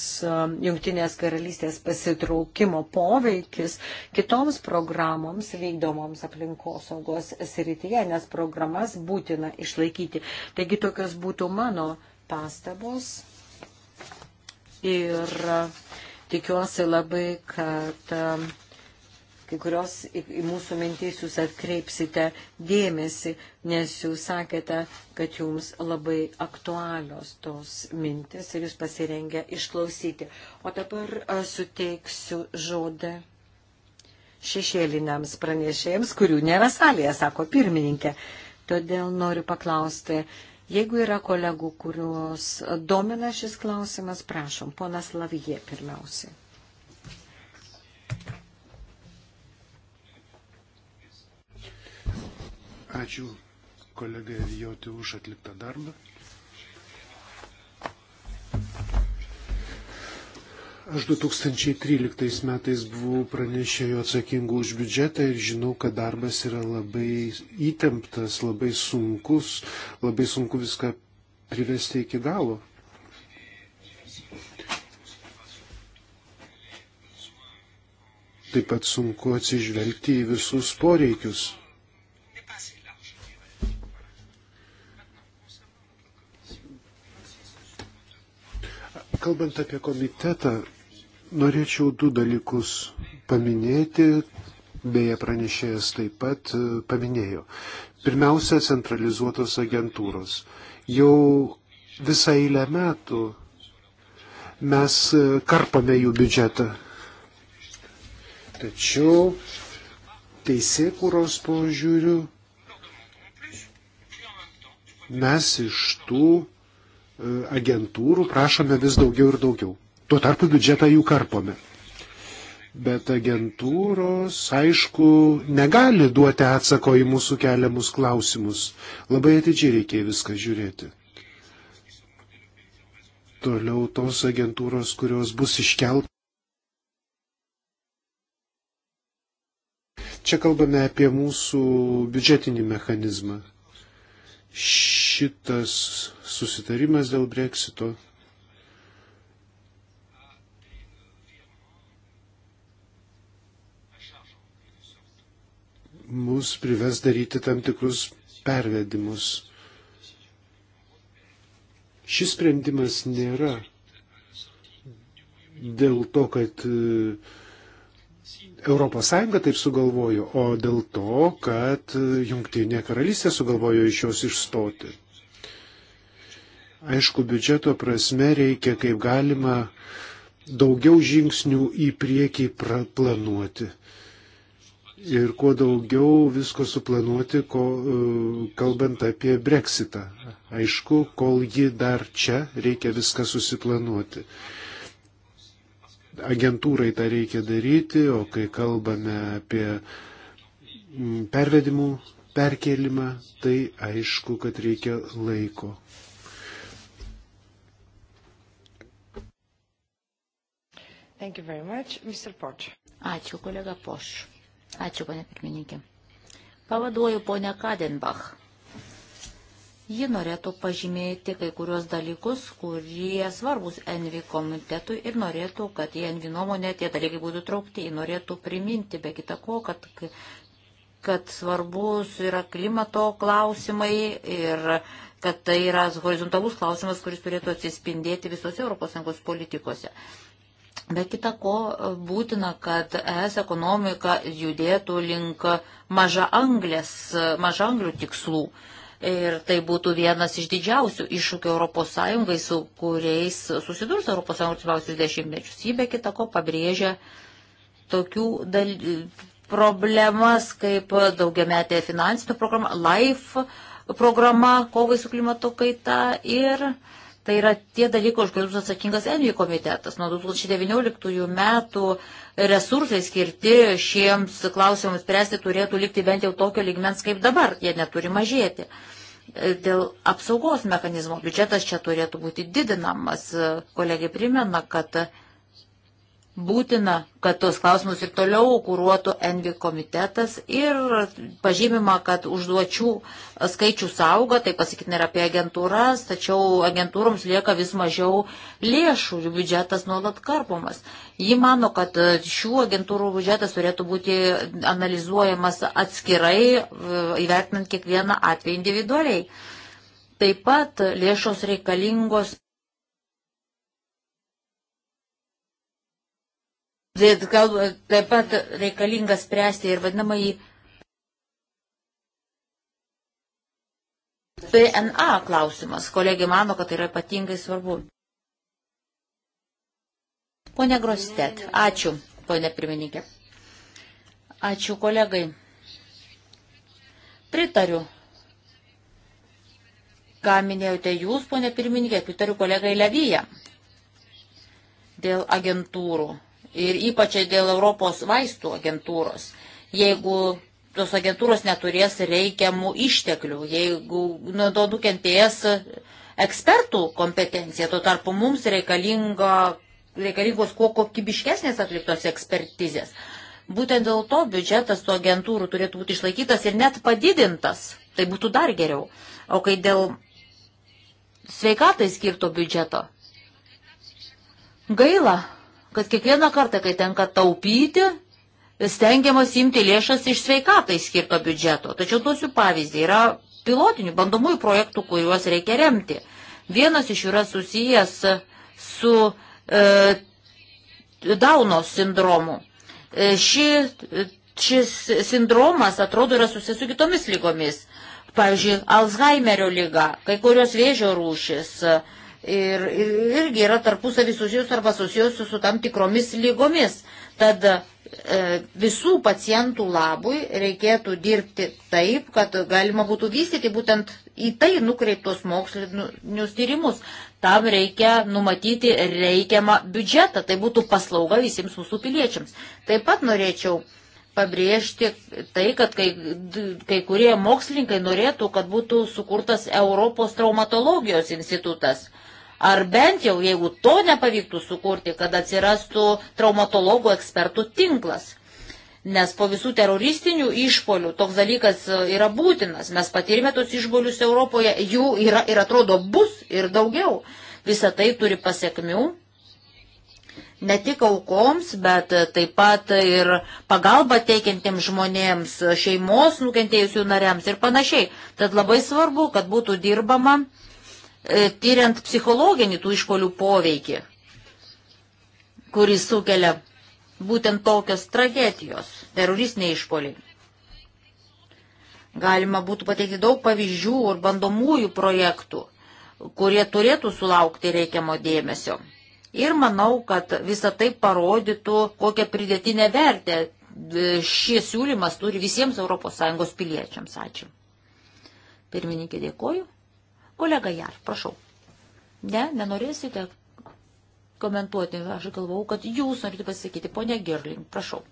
jungtinės karalystės pasitraukimo poveikis kitoms programoms vykdomoms aplinkosaugos srityje, nes programas būtina išlaikyti. Taigi tokios būtų mano pastabos ir tikiuosi labai, kad kai kurios į, į mūsų mintys jūs atkreipsite dėmesį, nes jūs sakėte, kad jums labai aktualios tos mintis ir jūs pasirengę išklausyti. O dabar a, suteiksiu žodę šešėliniams pranešėjams, kurių nėra salėje, sako pirmininkė. Todėl noriu paklausti, jeigu yra kolegų, kuriuos domina šis klausimas, prašom, ponas Lavie pirmiausiai. Ačiū kolegai Joti už atliktą darbą. Aš 2013 metais buvau pranešėjo atsakingų už biudžetą ir žinau, kad darbas yra labai įtemptas, labai sunkus, labai sunku viską privesti iki galo. Taip pat sunku atsižvelgti į visus poreikius. Kalbant apie komitetą, norėčiau du dalykus paminėti, beje pranešėjas taip pat e, paminėjo. Pirmiausia, centralizuotos agentūros. Jau visą eilę metų mes e, karpame jų biudžetą. Tačiau teisėkūros požiūrių mes iš tų E, agentūrų prašome vis daugiau ir daugiau. Tuo tarpu biudžetą jų karpome. Bet agentūros, aišku, negali duoti atsako į mūsų keliamus klausimus. Labai atidžiai reikia viską žiūrėti. Toliau tos agentūros, kurios bus iškeltos. Čia kalbame apie mūsų biudžetinį mechanizmą šitas susitarimas dėl breksito mus prives daryti tam tikrus pervedimus. Šis sprendimas nėra dėl to, kad uh, ES taip sugalvojo, o dėl to, kad Junktinė karalystė sugalvojo iš jos išstoti. Aišku, biudžeto prasme reikia kaip galima daugiau žingsnių į priekį planuoti. Ir kuo daugiau visko suplanuoti, ko, e, kalbant apie breksitą. Aišku, kol ji dar čia, reikia viską susiplanuoti agentūrai tą reikia daryti, o kai kalbame apie mm, pervedimų perkelimą, tai aišku, kad reikia laiko. Much, Ačiū, kolega Poš. Ačiū, ponė pirmininkė. Pavaduoju ponę Kadenbach. Ji norėtų pažymėti kai kurios dalykus, kurie svarbus Envi komitetui ir norėtų, kad į Envi nuomonę tie dalykai būtų traukti. Ji norėtų priminti, be kita ko, kad, kad svarbus yra klimato klausimai ir kad tai yra horizontalus klausimas, kuris turėtų atsispindėti visose ES politikose. Be kita ko, būtina, kad ES ekonomika judėtų link maža, anglės, maža anglių tikslų. Uh, Ir tai būtų vienas iš didžiausių iššūkių ES, su kuriais susidurs ES artimiausius dešimtmečius. Jį be kita ko pabrėžia tokių dal... problemas kaip daugiametė finansinė programa, LIFE programa kovai su klimato kaita ir uh, Tai yra tie dalykai, už kuriuos atsakingas Envi komitetas. Nuo 2019 metų resursai skirti šiems klausimams spręsti turėtų likti bent jau tokio lygmens kaip dabar. Jie neturi mažėti. Dėl apsaugos mechanizmo biudžetas čia turėtų būti didinamas. Kolegė primena, kad būtina, kad tos klausimus ir toliau kūruotų Envi komitetas ir pažymima, kad užduočių skaičius auga, tai pasakytina ir apie agentūras, tačiau agentūroms lieka vis mažiau lėšų, jų biudžetas nuolat karpomas. Ji mano, kad šių agentūrų biudžetas turėtų būti analizuojamas atskirai, įvertinant kiekvieną atvejį individualiai. Taip pat lėšos reikalingos Taip pat reikalinga spręsti ir vadinamai PNA klausimas. Kolegė mano, kad tai yra ypatingai svarbu. Pone Grostet, ačiū, pone pirmininkė. Ačiū kolegai. Pritariu. Ką minėjote jūs, ponė pirmininkė, pritariu kolegai Levyje dėl agentūrų ir ypač dėl Europos vaistų agentūros. Jeigu tos agentūros neturės reikiamų išteklių, jeigu nuo to nukentėjęs ekspertų kompetencija, tuo tarpu mums reikalinga, reikalingos kuo kokybiškesnės atliktos ekspertizės. Būtent dėl to biudžetas tų agentūrų turėtų būti išlaikytas ir net padidintas. Tai būtų dar geriau. O kai dėl sveikatai skirto biudžeto. Gaila, kad kiekvieną kartą, kai tenka taupyti, stengiamas imti lėšas iš sveikatai skirto biudžeto. Tačiau duosiu pavyzdį. Yra pilotinių bandomųjų projektų, kuriuos reikia remti. Vienas iš jų yra susijęs su e, Dauno sindromu. E, ši, šis sindromas, atrodo, yra susijęs su kitomis lygomis. Pavyzdžiui, Alzheimerio lyga, kai kurios vėžio rūšis. E, ir, ir, irgi yra tarpusavį susijusios arba susijusios su tam tikromis lygomis. Tad e, visų pacientų labui reikėtų dirbti taip, kad galima būtų vystyti būtent į tai nukreiptos mokslinius tyrimus. Tam reikia numatyti reikiamą biudžetą, tai būtų paslauga visiems mūsų piliečiams. Taip pat norėčiau pabrėžti tai, kad kai, kai kurie mokslininkai norėtų, kad būtų sukurtas Europos traumatologijos institutas. Ar bent jau, jeigu to nepavyktų sukurti, kad atsirastų traumatologų ekspertų tinklas. Nes po visų teroristinių išpolių toks dalykas e, yra būtinas. Mes patyrėme tos išpolius Europoje, jų yra ir atrodo bus ir daugiau. Visą tai turi pasiekmių ne tik aukoms, bet e, taip pat ir pagalba teikiantiems žmonėms, e, šeimos nukentėjusių nariams ir panašiai. Tad labai svarbu, kad būtų dirbama E, tyriant psichologinį tų iškolių poveikį, kurį sukelia būtent tokios tragedijos, teroristiniai iškoliai. Galima būtų pateikti daug pavyzdžių ir bandomųjų projektų, kurie turėtų sulaukti reikiamo dėmesio. Ir manau, kad visa tai parodytų, kokią pridėtinę vertę e, šie siūlymas turi visiems ES piliečiams. Ačiū. Pirmininkė, dėkoju. Kolega Jar, prašau. Ne, nenorėsite komentuoti. Aš galvau, kad jūs norite pasakyti. Pone Gerling, prašau.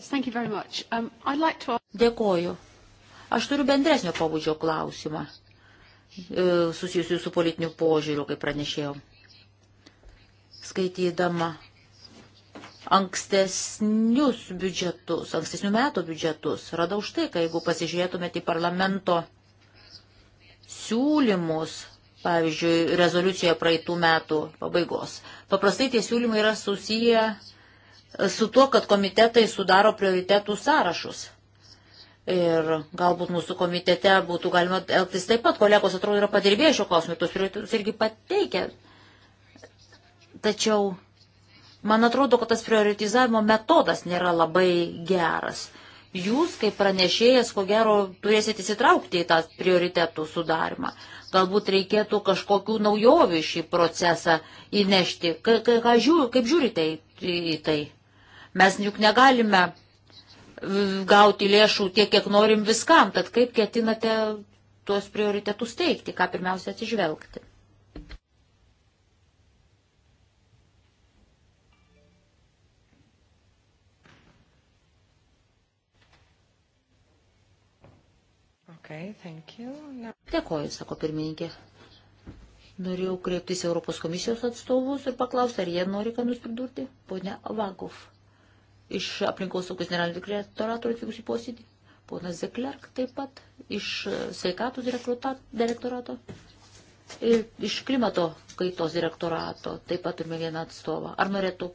Um, like to... Dėkoju. Aš turiu bendresnio pabudžio klausimą e, susijusiu su politiniu požiūriu, kaip pranešėjau. Skaitydama ankstesnius biudžetus, ankstesnių metų biudžetus, radau štai, kai jeigu pasižiūrėtumėte į parlamento siūlymus, pavyzdžiui, rezoliucijoje praeitų metų pabaigos. Paprastai tie siūlymai yra susiję su tuo, kad komitetai sudaro prioritetų sąrašus. Ir galbūt mūsų komitete būtų galima elgtis taip pat, kolegos atrodo yra padirbėję šio klausimu, tos prioritetus irgi pateikia. Tačiau man atrodo, kad tas prioritizavimo metodas nėra labai geras jūs, kaip pranešėjas, ko gero turėsit įsitraukti į tą prioritetų sudarimą. Galbūt reikėtų kažkokių naujovių į šį procesą įnešti. Ka, ka, ka, žiūr, kaip žiūrite į, į tai? Mes juk negalime gauti lėšų tiek, kiek norim viskam, tad kaip ketinate tuos prioritetus teikti, ką pirmiausia atsižvelgti. Okay, Now... Dėkoju, sako pirmininkė. Norėjau kreiptis Europos komisijos atstovus ir paklausti, ar jie nori ką nors pridurti. Pone Vagov, iš aplinkos saugos generalinio direktorato atvykus į posėdį. Ponas Zeklerk taip pat iš sveikatos direktorato ir iš klimato kaitos direktorato taip pat turime vieną atstovą. Ar norėtų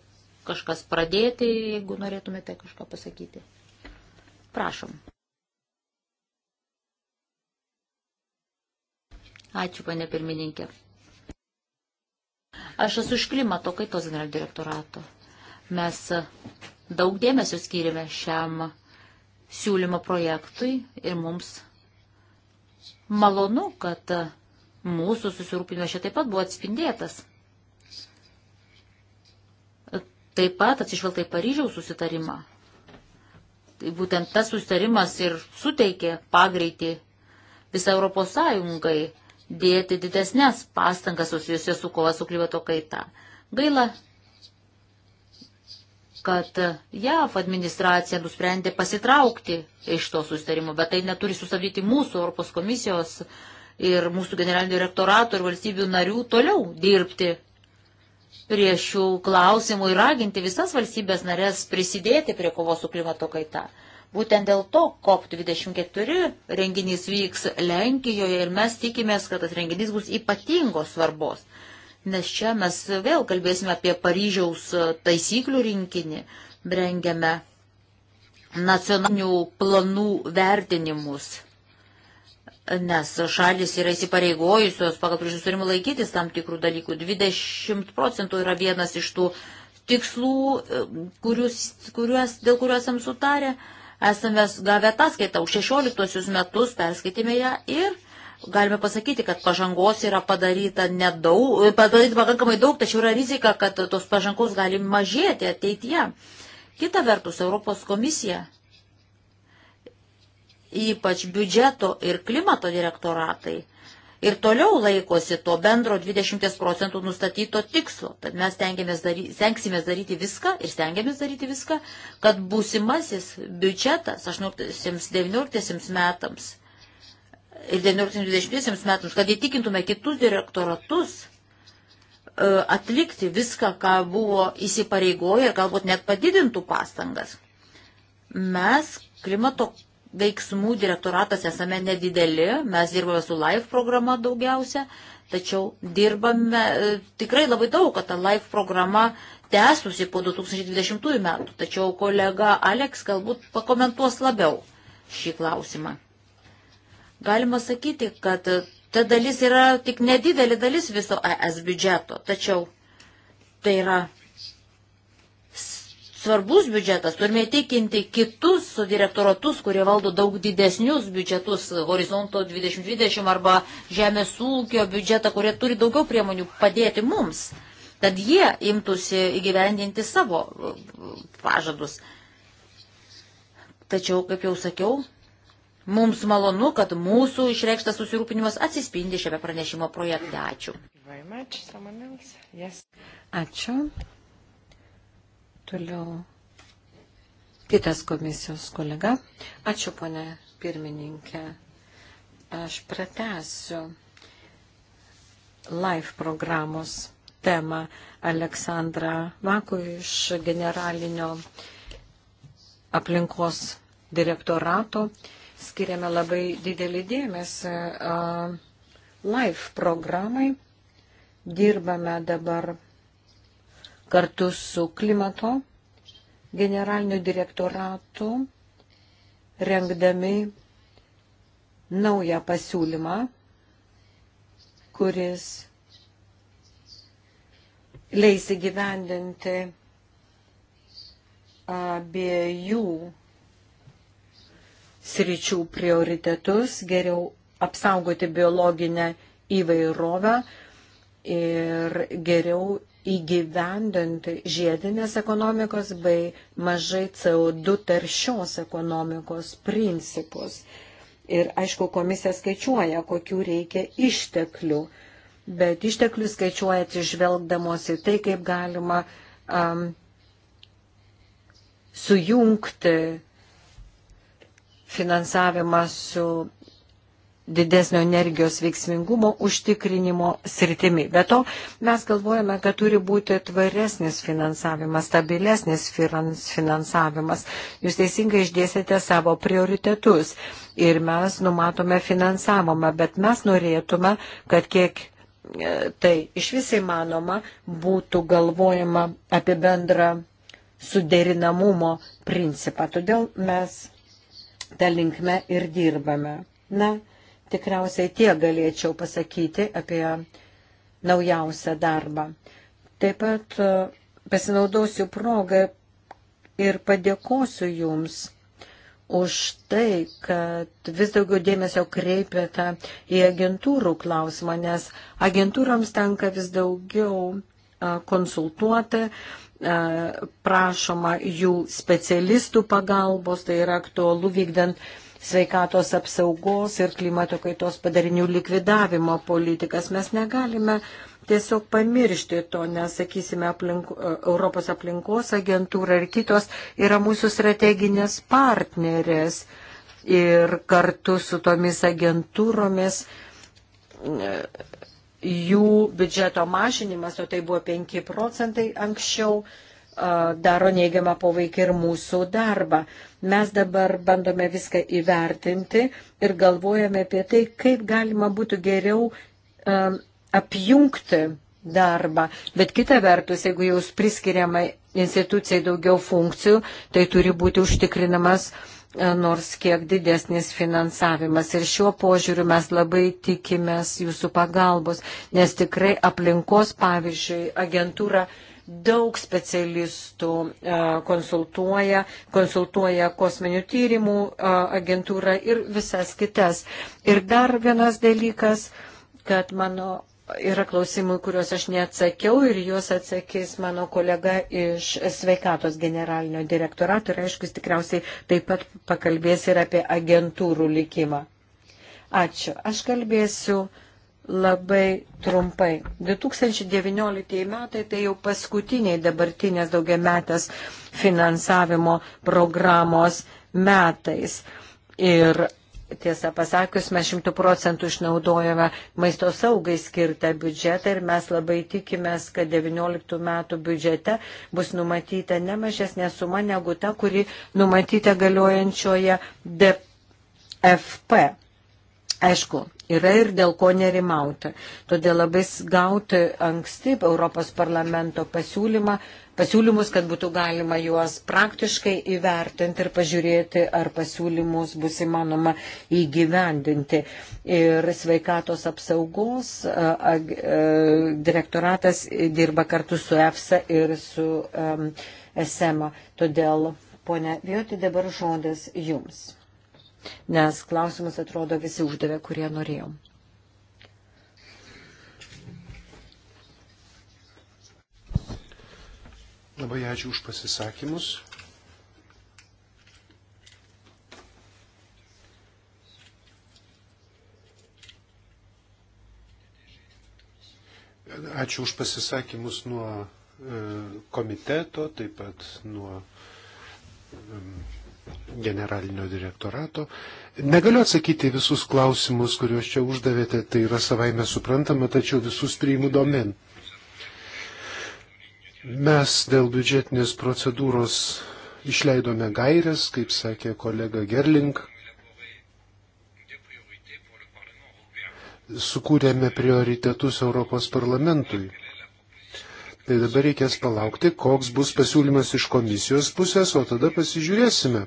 kažkas pradėti, jeigu norėtumėte kažką pasakyti? Prašom. Ačiū, pane pirmininkė. Aš esu iš klimato kaitos generalinio direktorato. Mes e, daug dėmesio skyrėme šiam siūlymo projektui ir mums malonu, kad e, mūsų susirūpinimas čia taip pat buvo atspindėtas. E, taip pat atsižvelgta į Paryžiaus susitarimą. Tai būtent tas susitarimas ir suteikė pagreitį visą Europos Sąjungai dėti didesnės pastangas susijusios su kova su klimato kaita. Gaila, kad JAV administracija nusprendė pasitraukti iš to sustarimo, bet tai neturi sustabdyti mūsų Europos komisijos ir mūsų generalinio direktorato ir valstybių narių toliau dirbti prie šių klausimų ir raginti visas valstybės narės prisidėti prie kovos su klimato kaita. Būtent dėl to COP24 renginys vyks Lenkijoje ir mes tikimės, kad tas renginys bus ypatingos svarbos. Nes čia mes vėl kalbėsime apie Paryžiaus taisyklių rinkinį, rengiame nacionalinių planų vertinimus nes šalis yra įsipareigojusios pagal prižiūrimą laikytis tam tikrų dalykų. 20 procentų yra vienas iš tų tikslų, e, kurius, kuriuos, dėl kuriuos esam sutarę. Esame gavę ataskaitą už 16 metus, perskaitėme ją ir galime pasakyti, kad pažangos yra padaryta nedaug, padaryta pakankamai daug, tačiau yra rizika, kad tos pažangos gali mažėti ateityje. Kita vertus, Europos komisija, ypač biudžeto ir klimato direktoratai, ir toliau laikosi to bendro 20 procentų nustatyto tikslo. Tad mes daryti, stengsimės daryti viską ir stengiamės daryti viską, kad būsimasis biudžetas 18-19 metams ir 19-20 metams, kad įtikintume kitus direktoratus e, atlikti viską, ką buvo įsipareigoję ir galbūt net padidintų pastangas. Mes klimato veiksmų direktoratas esame nedideli, mes dirbame su live programa daugiausia, tačiau dirbame e, tikrai labai daug, kad ta live programa tęstusi po 2020 metų, tačiau kolega Aleks galbūt pakomentuos labiau šį klausimą. Galima sakyti, kad ta dalis yra tik nedidelė dalis viso ES biudžeto, tačiau tai yra svarbus biudžetas, turime įtikinti kitus direktoratus, kurie valdo daug didesnius biudžetus, horizonto 2020 arba žemės ūkio biudžetą, kurie turi daugiau priemonių padėti mums, tad jie imtųsi įgyvendinti savo uh, pažadus. Tačiau, kaip jau sakiau, mums malonu, kad mūsų išreikštas susirūpinimas atsispindi šiame pranešimo projekte. Ačiū. Yes. Ačiū. Toliau kitas komisijos kolega. Ačiū, ponė pirmininkė. Aš pratęsiu live programos temą Aleksandrą Makų iš generalinio aplinkos direktorato. Skiriame labai didelį dėmesį live programai. Dirbame dabar kartu su klimato generaliniu direktoratu rengdami naują pasiūlymą, kuris leis įgyvendinti abiejų sričių prioritetus, geriau apsaugoti biologinę įvairovę ir geriau įgyvendinti žiedinės ekonomikos bei mažai CO2 taršios ekonomikos principus. Ir aišku, komisija skaičiuoja, kokių reikia išteklių, bet išteklių skaičiuoja atsižvelgdamos į tai, kaip galima um, sujungti finansavimą su didesnio energijos veiksmingumo užtikrinimo sritimi. Be to, mes galvojame, kad turi būti tvaresnis finansavimas, stabilesnis finansavimas. Jūs teisingai išdėsite savo prioritetus ir mes numatome finansavimą, bet mes norėtume, kad kiek e, tai iš visai manoma būtų galvojama apie bendrą suderinamumo principą. Todėl mes tą linkmę ir dirbame. Na, Tikriausiai tie galėčiau pasakyti apie naujausią darbą. Taip pat e, pasinaudosiu progą ir padėkosiu Jums už tai, kad vis daugiau dėmesio kreipiate į agentūrų klausimą, nes agentūrams tenka vis daugiau e, konsultuoti, e, prašoma jų specialistų pagalbos, tai yra aktualu vykdant sveikatos apsaugos ir klimato kaitos padarinių likvidavimo politikas. Mes negalime tiesiog pamiršti to, nes, sakysime, aplink, e, Europos aplinkos agentūra ir kitos yra mūsų strateginės partnerės ir kartu su tomis agentūromis e, jų biudžeto mažinimas, o tai buvo 5 procentai anksčiau, daro neigiamą poveikį ir mūsų darbą. Mes dabar bandome viską įvertinti ir galvojame apie tai, kaip galima būtų geriau apjungti darbą. Bet kita vertus, jeigu jau priskiriama institucijai daugiau funkcijų, tai turi būti užtikrinamas nors kiek didesnis finansavimas. Ir šiuo požiūriu mes labai tikimės jūsų pagalbos, nes tikrai aplinkos, pavyzdžiui, agentūra daug specialistų e, konsultuoja, konsultuoja kosminių tyrimų e, agentūrą ir visas kitas. Ir dar vienas dalykas, kad mano yra klausimų, kuriuos aš neatsakiau ir juos atsakys mano kolega iš sveikatos generalinio direktorato ir aišku, jis tikriausiai taip pat pakalbės ir apie agentūrų likimą. Ačiū. Aš kalbėsiu labai trumpai. 2019 metai tai jau paskutiniai dabartinės daugiametės finansavimo programos metais. Ir tiesą pasakius, mes šimtų procentų išnaudojame maisto saugai skirtą biudžetą ir mes labai tikimės, kad 19 metų biudžete bus numatyta ne mažesnė suma negu ta, kuri numatyta galiojančioje DFP. Aišku, yra ir dėl ko nerimauti. Todėl labai gauti anksti Europos parlamento pasiūlymą, pasiūlymus, kad būtų galima juos praktiškai įvertinti ir pažiūrėti, ar pasiūlymus bus įmanoma įgyvendinti. Ir sveikatos apsaugos direktoratas dirba kartu su EFSA ir su SM. -o. Todėl, ponia Vijoti, dabar žodis jums nes klausimus atrodo visi uždavė, kurie norėjom. Labai ačiū už pasisakymus. Ačiū už pasisakymus nuo e, komiteto, taip pat nuo generalinio direktorato. Negaliu atsakyti visus klausimus, kuriuos čia uždavėte, tai yra savaime suprantama, tačiau visus priimu domen. Mes dėl biudžetinės procedūros išleidome gairias, kaip sakė kolega Gerling, sukūrėme prioritetus Europos parlamentui. Tai dabar reikės palaukti, koks bus pasiūlymas iš komisijos pusės, o tada pasižiūrėsime.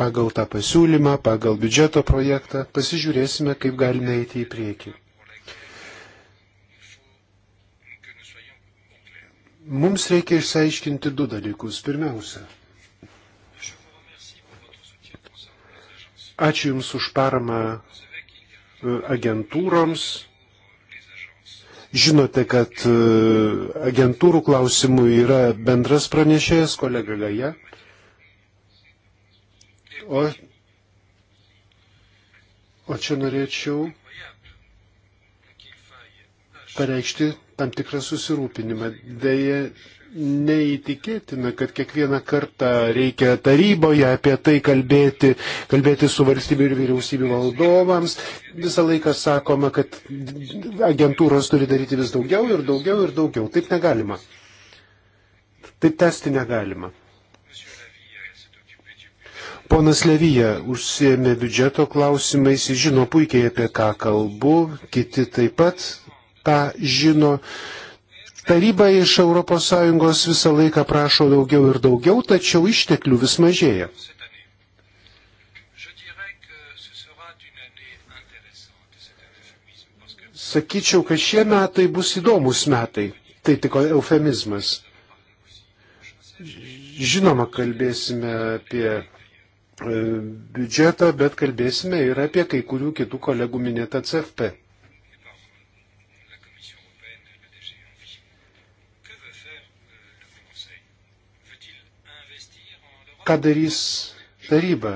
Pagal tą pasiūlymą, pagal biudžeto projektą, pasižiūrėsime, kaip galime eiti į priekį. Mums reikia išsiaiškinti du dalykus. Pirmiausia, ačiū Jums už paramą e, agentūroms, Žinote, kad e, agentūrų klausimų yra bendras pranešėjas kolega Gaja. O, o čia norėčiau pareikšti tam tikrą susirūpinimą. Deja, neįtikėtina, kad kiekvieną kartą reikia taryboje apie tai kalbėti, kalbėti su valstybių ir vyriausybių valdovams. Visą laiką sakoma, kad agentūros turi daryti vis daugiau ir daugiau ir daugiau. Taip negalima. Taip tęsti negalima. Ponas Levyje užsiemė biudžeto klausimais, jis žino puikiai apie ką kalbu, kiti taip pat tą žino. Uh, Taryba iš ES visą laiką prašo daugiau ir daugiau, tačiau išteklių vis mažėja. Sakyčiau, kad šie metai bus įdomus metai. Tai tik eufemizmas. Žinoma, kalbėsime apie e, biudžetą, bet kalbėsime ir apie kai kurių kitų kolegų minėtą CFP. ką darys taryba.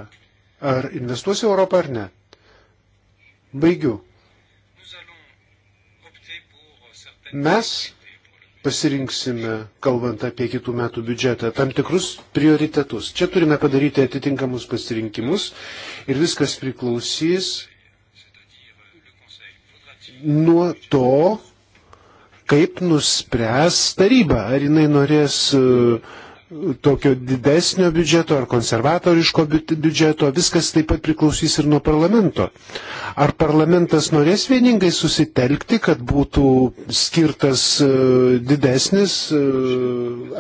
Ar investuos į Europą ar ne? Baigiu. Mes pasirinksime, kalbant apie kitų metų biudžetą, tam tikrus prioritetus. Čia turime padaryti atitinkamus pasirinkimus ir viskas priklausys nuo to, kaip nuspręs taryba, ar jinai norės uh, tokio didesnio biudžeto ar konservatoriško biudžeto, viskas taip pat priklausys ir nuo parlamento. Ar parlamentas norės vieningai susitelkti, kad būtų skirtas e, didesnis e,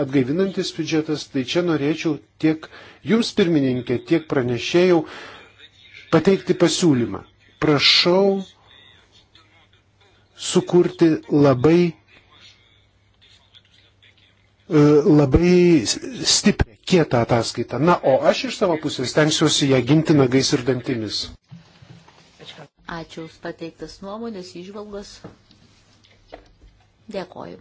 atgaivinantis biudžetas, tai čia norėčiau tiek jums pirmininkė, tiek pranešėjau pateikti pasiūlymą. Prašau sukurti labai E, labai stiprią, kietą ataskaitą. Na, o aš iš savo pusės tenksiuosi ją ginti nagais ir dantimis. Ačiū už pateiktas nuomonės, išvalgas. Dėkoju.